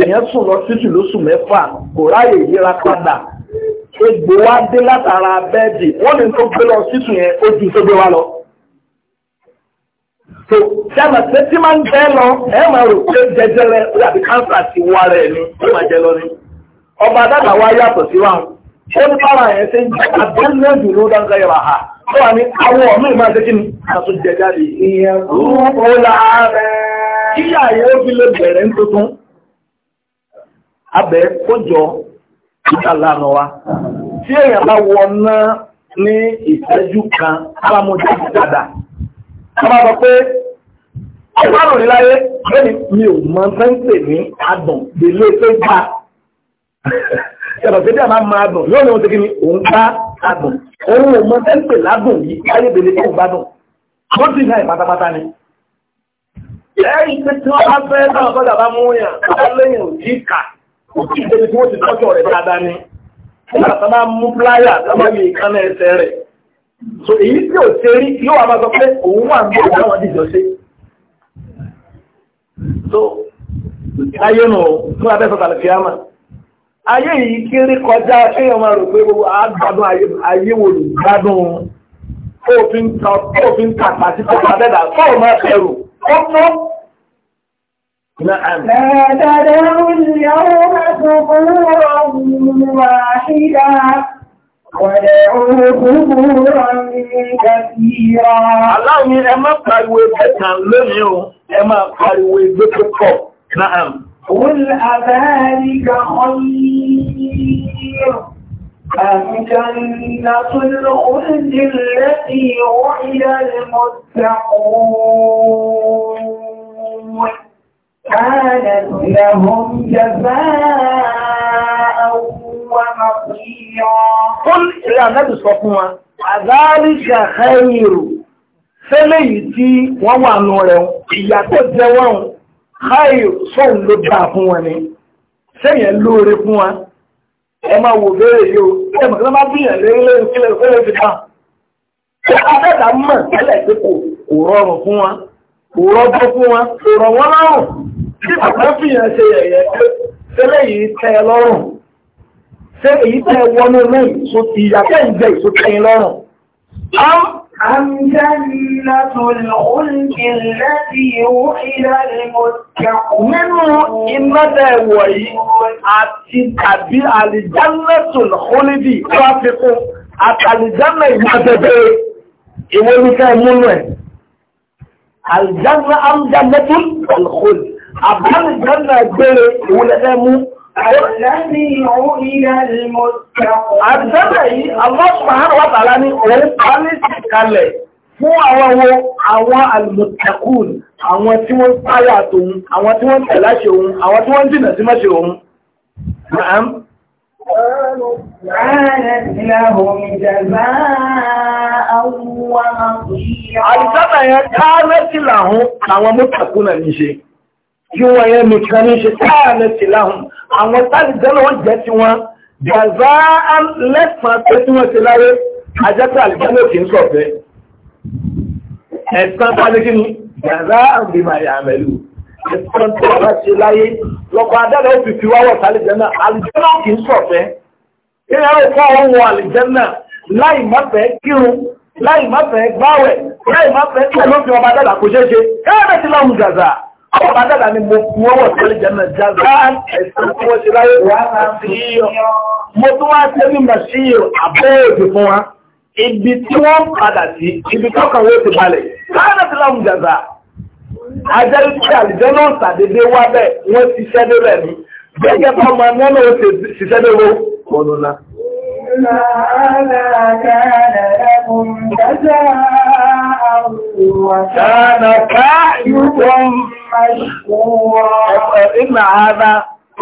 èèyàn sùn lọ lóṣù mẹ́fà kò ráyè yíra padà egbò wa dé látara bẹ́ẹ̀dì wọ́n ní tó So, sábà pé tí máa ń jẹ lọ ẹ máa rò pé jẹjẹrẹ ó dàbí káńsà ti wá rẹ ni ó máa jẹ lọ ni ọba dàgbà wá yàtọ̀ sí wa ó ní bára yẹn ṣe ń jẹ àbẹ́lẹ́ dùnú dáńgá yẹra ha ó wà ní àwọn ọ̀mí máa ṣe kí ni àtún jẹ jáde. ìyẹn kúrò láàárẹ̀. kíyà yẹn ó fi lè bẹ̀rẹ̀ ń tuntun abẹ kójọ ìtàlànà wa tí èèyàn bá wọná ní ìṣẹ́jú kan alámọ̀jẹ́ dáadáa. a máa pé Ìbánu rí láyé, lẹ́ni mi ò mọ sẹ́ńsì ní adùn délé tó gbà. Ṣẹ̀rọ̀ tẹ́lẹ̀ máa ma adùn, yóò ní oṣù kí ni òun bá adùn. Òun ò mọ sẹ́ńsì ládùn yìí láyé délé tó gbádùn. Ó sì náà pátápátá ni. Ẹ̀rí tí tí wọ́n bá fẹ́ táwọn sọ́jà bá mú yàn, wọ́n lẹ́yìn òjì kà. Òjì ìdẹ́ni tí wọ́n ti tọ́jú ọ̀rẹ́ dáadáa ni. Nígbà tó máa mú pláyà tó máa yẹ ìkànnà ẹsẹ̀ rẹ̀. So èyí tí ò ṣe rí yóò wá máa sọ pé òun wà ní ọ̀dọ́ àwọn ìjọ ṣe. so ayé nù fún abẹ́sọ̀tà kìámà ayé yìí kéré kọjá kéèyàn máa rò pé gbogbo àgbàdùn ayé wò lè gbádùn òfin kàpà sí tó kà dẹ́dà tó o máa fẹ̀rù ó mọ́. لا تدعوا اليوم ثبورا Aláwọn ẹ máa pariwo ẹgbẹ́ kan lónìí o, ẹ máa pariwo ẹgbẹ́ tó pọ̀ náà. Wọ́n àbárí ka ọlọ́rọ̀. Àmìjànlá tó lọ oúnjẹ lẹ́bí wọ́n ilẹ̀ mọ́ta Fún ìrẹ́ ànábì sọ fún wa, àzáríkà ẹ̀yìnrò, fẹ́lẹ̀ yìí tí wọ́n wà nù rẹ̀ ìyà tó jẹ wọ́n, ẹ̀yìnrò sóhun ló dáa fún wọn ni, sẹ́yìn lóore fún wa, ẹ máa wò bẹ́rẹ̀ yóò, ẹ mọ̀ kí wọ́n bá bíyàn lérélé ìpínlẹ̀ ìpínlẹ̀ fi kàn. Adẹ́dà mọ̀ tẹ́lẹ̀ pé kò rọrùn fún wa, kò rọgbọ́ fún wa, kò rọ̀ wọ́n lọ́rùn, bí bàbá fìyàn ṣe yẹ̀yẹ́ pé tẹ́lẹ̀ yìí tẹ́ lọ́rùn ṣé èyí tẹ́ wọnú lẹ́yìn tó ti yàtẹ́ ìgbẹ́ ìtò tẹ́yìn lọ́rùn. Nínú ìmọ́dẹ̀ ẹ̀wọ̀ yìí àti tàbí àlìjánlẹ̀tùn hólídì tó á fi kún àtàlìjánlẹ̀ ìmọ́dẹ̀dẹ̀ ìwé oníkẹ́ Àdìsẹ́bẹ̀ yìí, Allah subhanahu wa ta'ala ní òun pàálí sí kalẹ̀ fún àwọn wo àwọn al-muttaqun, àwọn tí wọ́n páyà tóun, àwọn tí wọ́n tẹ̀lá ṣe òun, àwọn tí wọ́n jìnà sí mọ́ ṣe Ma'am. Àdìsẹ́bẹ̀ yẹn káàrẹ́ sí làhún àwọn muttaqun kí wọ́n yẹn nìkan ní ṣe káàlẹ̀ sí láhùn àwọn táàlì jẹ́lọ wọ́n jẹ́ sí wọn jàzá lẹ́sàn pé tí wọ́n ti láyé ajẹ́pẹ́ àlìjẹ́lẹ̀ kì ń sọ̀fẹ́ ẹ̀sán táàlì ni jàzá àbí máa yà mẹ́lú ẹ̀sán tó wọ́n ṣe láyé lọ́kọ̀ adára òfin fi wáwọ̀ sálìjẹ́nà àlìjẹ́lẹ̀ kì ń sọ̀fẹ́ ìrẹ́rù fún àwọn ohun àlìjẹ́nà láì má fẹ́ kírun láì má Àwọn bàtàlà ni mo fi wọ́wọ́ tó lè jẹ́mẹ̀ jáde. Ẹ̀sìn tí wọ́n ṣe láyé wà á sí yíyọ. Mo tún wá ṣe ní Màṣíyò àbẹ́ẹ̀dì fún wa. Ibi tí wọ́n padà sí, ibi tọ́kàn wó ti balẹ̀. Káàdà ti láwùn jàzà. Ajẹ́ ìṣẹ́ àlìjẹ́ náà ṣàdédé wá wọ́n ti ṣẹ́ dé bẹ́ẹ̀ ni. bá ọmọ ẹ̀mọ́ náà ti ṣiṣẹ́ dé wo. مثل هذا كان لكم جزاء وكان كعيكم مشكورا إن هذا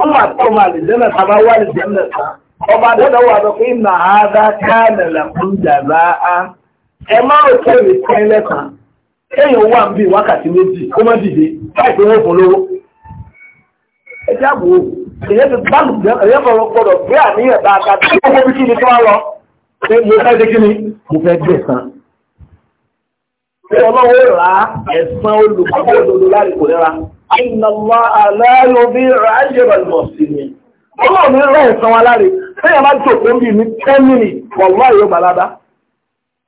الله أكتم على الجنة فما هو الجنة ọba dada wà lọ pé nà á dá káàlẹ̀ làkún jàzá á ẹ má rò wákàtí méjì kó má dìde láìpẹ́ èyàn ti gbàlù èyàn fọ̀rọ̀ gbọ́dọ̀ gbé àníyàn dáadáa tí ó kó bí kí ni tó wá lọ pé mo fẹ́ dé kí ni Ọlọ́run mi rẹ̀ ẹ̀sán wa láre. Ṣéyàn bá tó kó bí mi ten minutes wọ̀lú àyè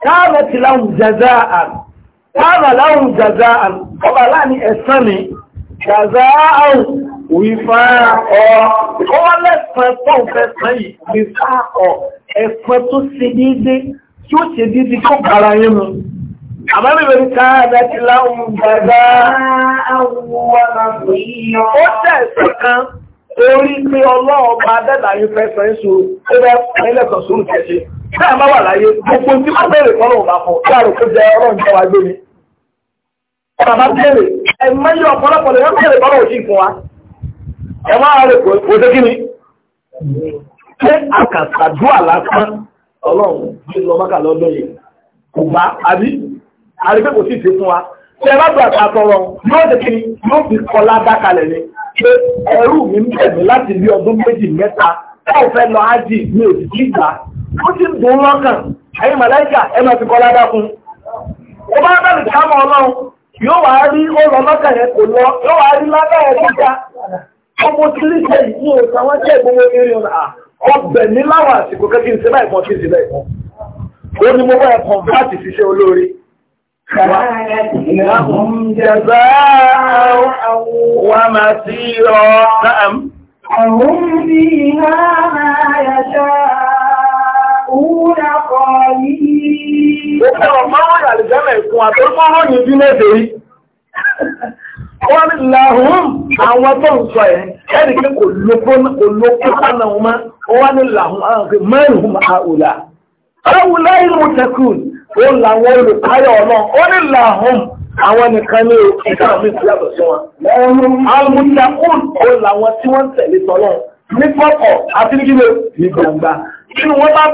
Káàmẹ́ ti láwùn jàzá àn. Káàmẹ́ láwùn jàzá àn. Ọba ẹ̀sán ni. Jàzá Wìfáàkọ́, ọwọ́ lẹ́fẹ́ tó ń fẹ́ sán yìí, wìfáàkọ́, ẹ̀fẹ́ tó ṣe déédé, tí ó ṣe déédé tó bára yín mu. Àbábẹ̀bẹ̀ ní káàdá ti láhùn gbàgbá. Ó tẹ̀sẹ̀ kan, orí pé ọlọ́run bá dẹ́dà yín fẹ́ sán èso, ó bẹ́ ẹlẹ́kọ̀ọ́ sórí kẹ̀ṣe. Bẹ́ẹ̀ má wà láyé, gbogbo tí wọ́n bẹ̀rẹ̀ fọ́lọ́run bá fọ́, láàrùn kó jẹ ọlọ́run jẹ́ wa gbé mi. Bàbá bẹ̀rẹ̀, ẹ̀mẹ́yẹ ọ̀pọ̀lọpọ̀ lè ẹ máa rẹ̀ kò ṣe kí ni ṣé àkàtàdúà lásán ọlọ́run bí lọ mọ́kà lọ́dún yìí kò bá àbí àrígbé kò sí ìṣe fún wa ṣe bá gbà ta tọrọ yóò ṣe kí ni yóò fi kọ ládákalẹ̀ ni pé ẹrú mi ń tẹ̀mí láti bí ọdún méjì mẹ́ta táwọn fẹ́ lọ ájì mi ò sì kí gbà ó ti ń dùn lọ́kàn ẹ̀yin màláìkà ẹ máa fi kọ ládá fún ó bá bẹ̀rẹ̀ kámọ́ ọlọ́run yóò wá rí ó lọ lọ́kàn yẹn kò lọ yóò wá rí ládá yẹn kíkà ọmọ tí lè jẹ́ ìlú ọ̀sán wọ́n jẹ́ ìgbóhùn eré ọ̀nà ọbẹ̀ ní àsìkò kẹ́kí ìṣẹ́ báyìí kan sí ìṣẹ́ báyìí kan. ó ní mo báyìí kan bá ṣiṣẹ́ olóore. wa máa sí Ó fẹ́ràn máa ń rà lè jẹ́ mẹ́kún àtọ́gbọ́n wọ́n ní làhùn àwọn tó ń sọ yẹn ẹni pé kò lókó kánà wọn wọ́n ní làhùn àwọn pé mẹ́rùn àwùlà àwùlà ìlú tẹkùn ó làwọn olùkáyọ̀ ọlọ́run ó ní làhùn àwọn nìkan ní ìkàrà mi ti yàtọ̀ sí wọn. àwọn tẹkùn ó làwọn tí wọ́n tẹ̀lé tọ́lọ́ ní pọ́pọ̀ àti nígbè ní gbangba tí wọ́n bá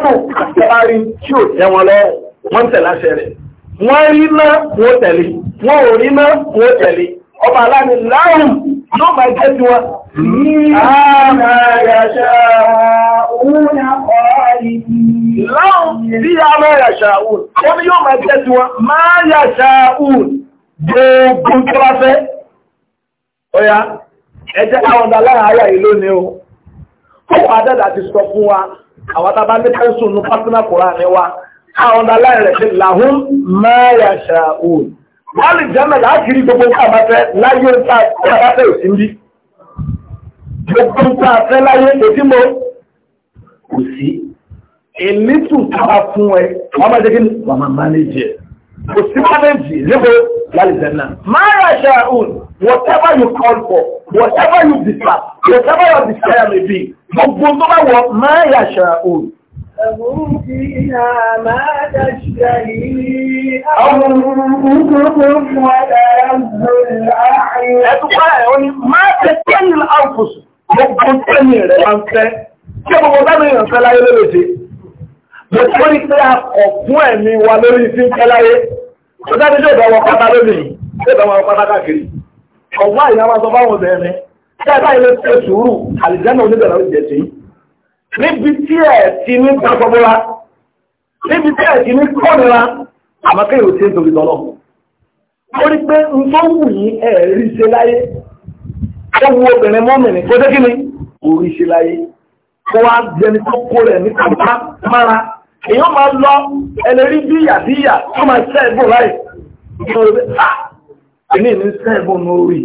dùn ọba aláàmì láàrùn yóò máa jẹ́ sí wọn. Láàrùn bí a máa yàṣà òun, wọ́n ni yóò máa jẹ́ sí wọn, máa yàṣà òun gbogbo tó bá fẹ́. Ọya, ẹjẹ́ àwọn dálára ayà ìlú ni o. Kọ́kọ́ adẹ́dà ti sọ fún wa, àwọn tàbá ní pẹ́sùn ní pátínà Kùránì wa, àwọn dálára rẹ̀ ṣe làhún máa yàṣà wọ́n lè jẹ́mẹ̀ láti rí gbogbo àbáfẹ́ láyé ń ta àbáfẹ́ òsì ń bí gbogbo ń ta àfẹ́ láyé ètí mo kò sí èlítù tàbá fún ẹ wọ́n máa jẹ́gí wọ́n máa mánéjì ẹ̀ kò sí mánéjì lébo lálẹ́ jẹ́nà máa whatever you call for whatever you desire whatever your desire may be gbogbo tó bá wọ máa rà لهم فيها ما تشتهي أنفسهم وتلذ الأعين أتقال ما تشتهي الأنفس gbogbo tẹ́lẹ̀ rẹ̀ máa ń fẹ́ kí gbogbo tẹ́lẹ̀ èèyàn fẹ́ láyé lórí ti gbogbo ní pé a kọ̀ fún ẹ̀mí wa lórí ti ń fẹ́ láyé tó dájú yóò dáwọ́ pátá lónìí sọ fáwọn ọ̀dọ́ ẹ̀mí tí a bá ilé ṣe sùúrù àlìjáná oníbẹ̀rẹ̀ ó jẹ̀ sí níbi tí ẹ̀ ti ní gbàgbọ́bọ́lá níbi tí ẹ̀ ti ní kọ́nira àmọ́kẹ́ yóò ṣe ń torí tọ́lọ́ ó rí pé n tó wù yí ẹ̀ rí ṣe láyé ó wu obìnrin mọ́mìnrin kó dé kíni kò rí ṣe láyé kó wá jẹni tó kó rẹ̀ ní kàmá mára èèyàn máa lọ ẹlẹ́rí bí ìyà bí ìyà tó máa ṣẹ́ ẹ̀gbọ́n láì ah, ní ìní ṣẹ́ ẹ̀gbọ́n lórí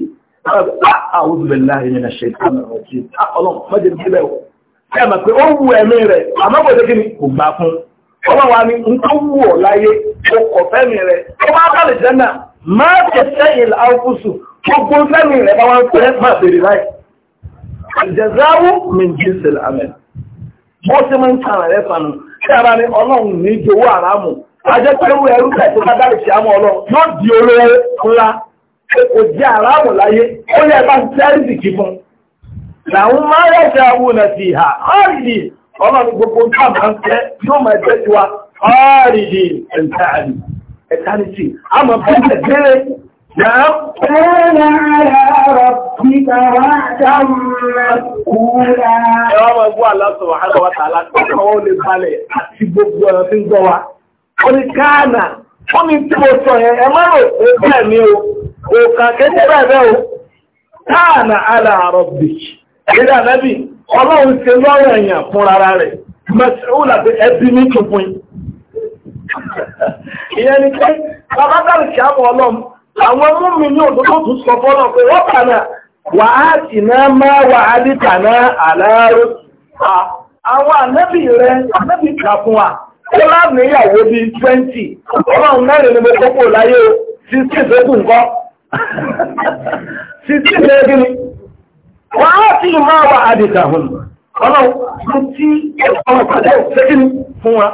àwọn obìnrin láàrin ẹ̀ṣẹ̀ ìtàn ọ̀jì ọlọ́run mọ́jẹ̀ níbẹ̀ wọ̀ ẹ mọ̀ pé ó wu ẹ̀mí rẹ̀ àmọ́ kò sí kíni kò gbà fún ó bá wa ní n tó wù ọ́ láyé ó kọ̀ fẹ́mi rẹ̀ ó bá bá lè jẹ́nà má tẹ̀sẹ̀ ìlà àwùkùsù gbogbo fẹ́mi rẹ̀ bá wọn fẹ́ má bèrè láì. àjẹsáwó mi ń jíṣe àmẹ́ bó ṣe máa ń tan rẹ̀ fanu ṣé ara ni ọlọ́run ní jowó àrámù ajẹ́ pé ewu ẹrú tẹ̀ tó bá dá lè ṣe àmọ́ ọlọ́run yóò di olówó ńlá kò jẹ́ àrámù láyé ó yẹ bá ń tẹ́rì làwọn máa ń rẹ̀ṣẹ̀ àwọn ọ̀nà sí ìhà ọ́rìdì ọlọ́run gbogbo tó àmà ń fẹ́ yóò máa jẹ́ sí wa ọ́rìdì ẹ̀ntàrì ẹ̀tàrìtì àmọ̀ bẹ́ẹ̀ bẹ́ẹ̀ náà. Bẹ́ẹ̀ni àrọ̀ pípa wá dámà kúrà. Ẹ wá máa gbọ́ àlọ́sọ̀ wàhálà wa tààlà kọ́kọ́ ó lè balẹ̀ àti gbogbo ọ̀nà tí ń gbọ́ wa. Ó ní káànà, ó ní tí mo sọ yẹn, ẹ má rò pé bẹ́ẹ̀ ni o, òkà kékeré bẹ́ẹ̀ o, káànà àlà àrọ̀ bìkì ẹ̀dá ànábì ọlọ́run ṣe lọ́rọ̀ èèyàn fún rárá rẹ̀ mẹ́sàn-án àti ẹbí ní tuntun ìyẹn ni pé bàbá dàrú kí á mọ̀ ọlọ́run àwọn múmi ní òdòdó tún sọ fọ́nà pé wọ́n kànà wà á sì náà máa wà á lè tànà àláró àwọn ànábì rẹ̀ ànábì kà fún wa ó láàmìyàwó bíi twenty ọlọ́run mẹ́rin ni mo kọ́kọ́ láyé o sixteen fẹ́ẹ́ dùn kọ́ sixteen fẹ́ẹ́ dùn wọ́n á ti máa wà àdìkà hùn ọlọ́run tí ọmọ pàdé ṣẹ́kìn fún wa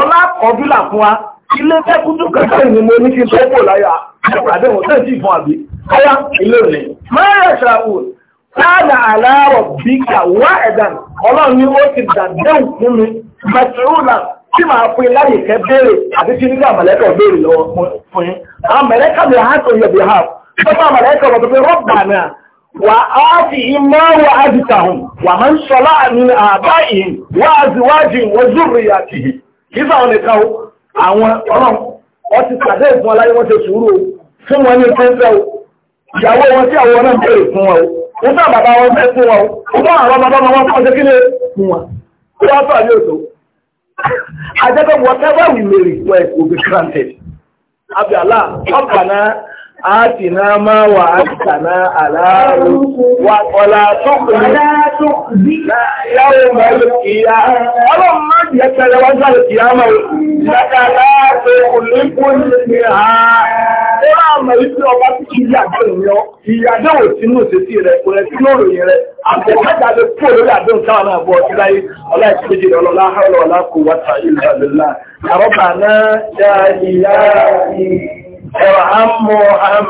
ọlá kọjúlà fún wa ilé tẹ́kútù kẹsàn ni mo ní kí n tó kò láyà àpàdé wọn tẹ́sí ìfún àbí ọyá ilé òní mẹ́rẹ̀ ṣàwò sáàdà aláàrọ̀ bíkà wá ẹ̀dà ọlọ́run ni ó ti dàdéhùn fún mi mẹtìrúnà tí màá pín láyè kẹ béèrè àti tí nígbà mẹ̀lẹ́kà béèrè lọ́wọ́ fún yín àwọn mẹ̀lẹ́kà mi hàn tó yẹ bí hàn tó bá mẹ̀lẹ́kà wọn tó fi rọ́bà náà وآتهم ما وعدتهم ومن صلع من آبائهم وأزواجهم وذرياتهم كيف أنكم àwọn ọ̀ràn ọtí tàbí ìfún aláyé wọ́n ṣe sùúrù fún wọn ní o ìyàwó wọn tí àwọn náà bèèrè fún wọn o fún àbàbà wọn fẹ́ fún wọn o fún àwọn ọmọdé ọmọ wọn fọ́n ṣe fún wọn tí wọ́n fà ní òtò ajẹ́gbẹ́ granted آتنا ما وعدتنا على ولا تخزنا يوم القيامة اللهم اجلس يوم القيامة لك لا تخلف الميعاد Ọlá àmà ìpé ọba tí kí yà dẹ̀rùn yọ, ìyàdẹ̀wò sínú òṣèṣì rẹ̀, kò rẹ̀ sínú òròyìn rẹ̀, àtẹ̀kájà lè kó lórí àdéhùn táwọn náà bọ̀ درهم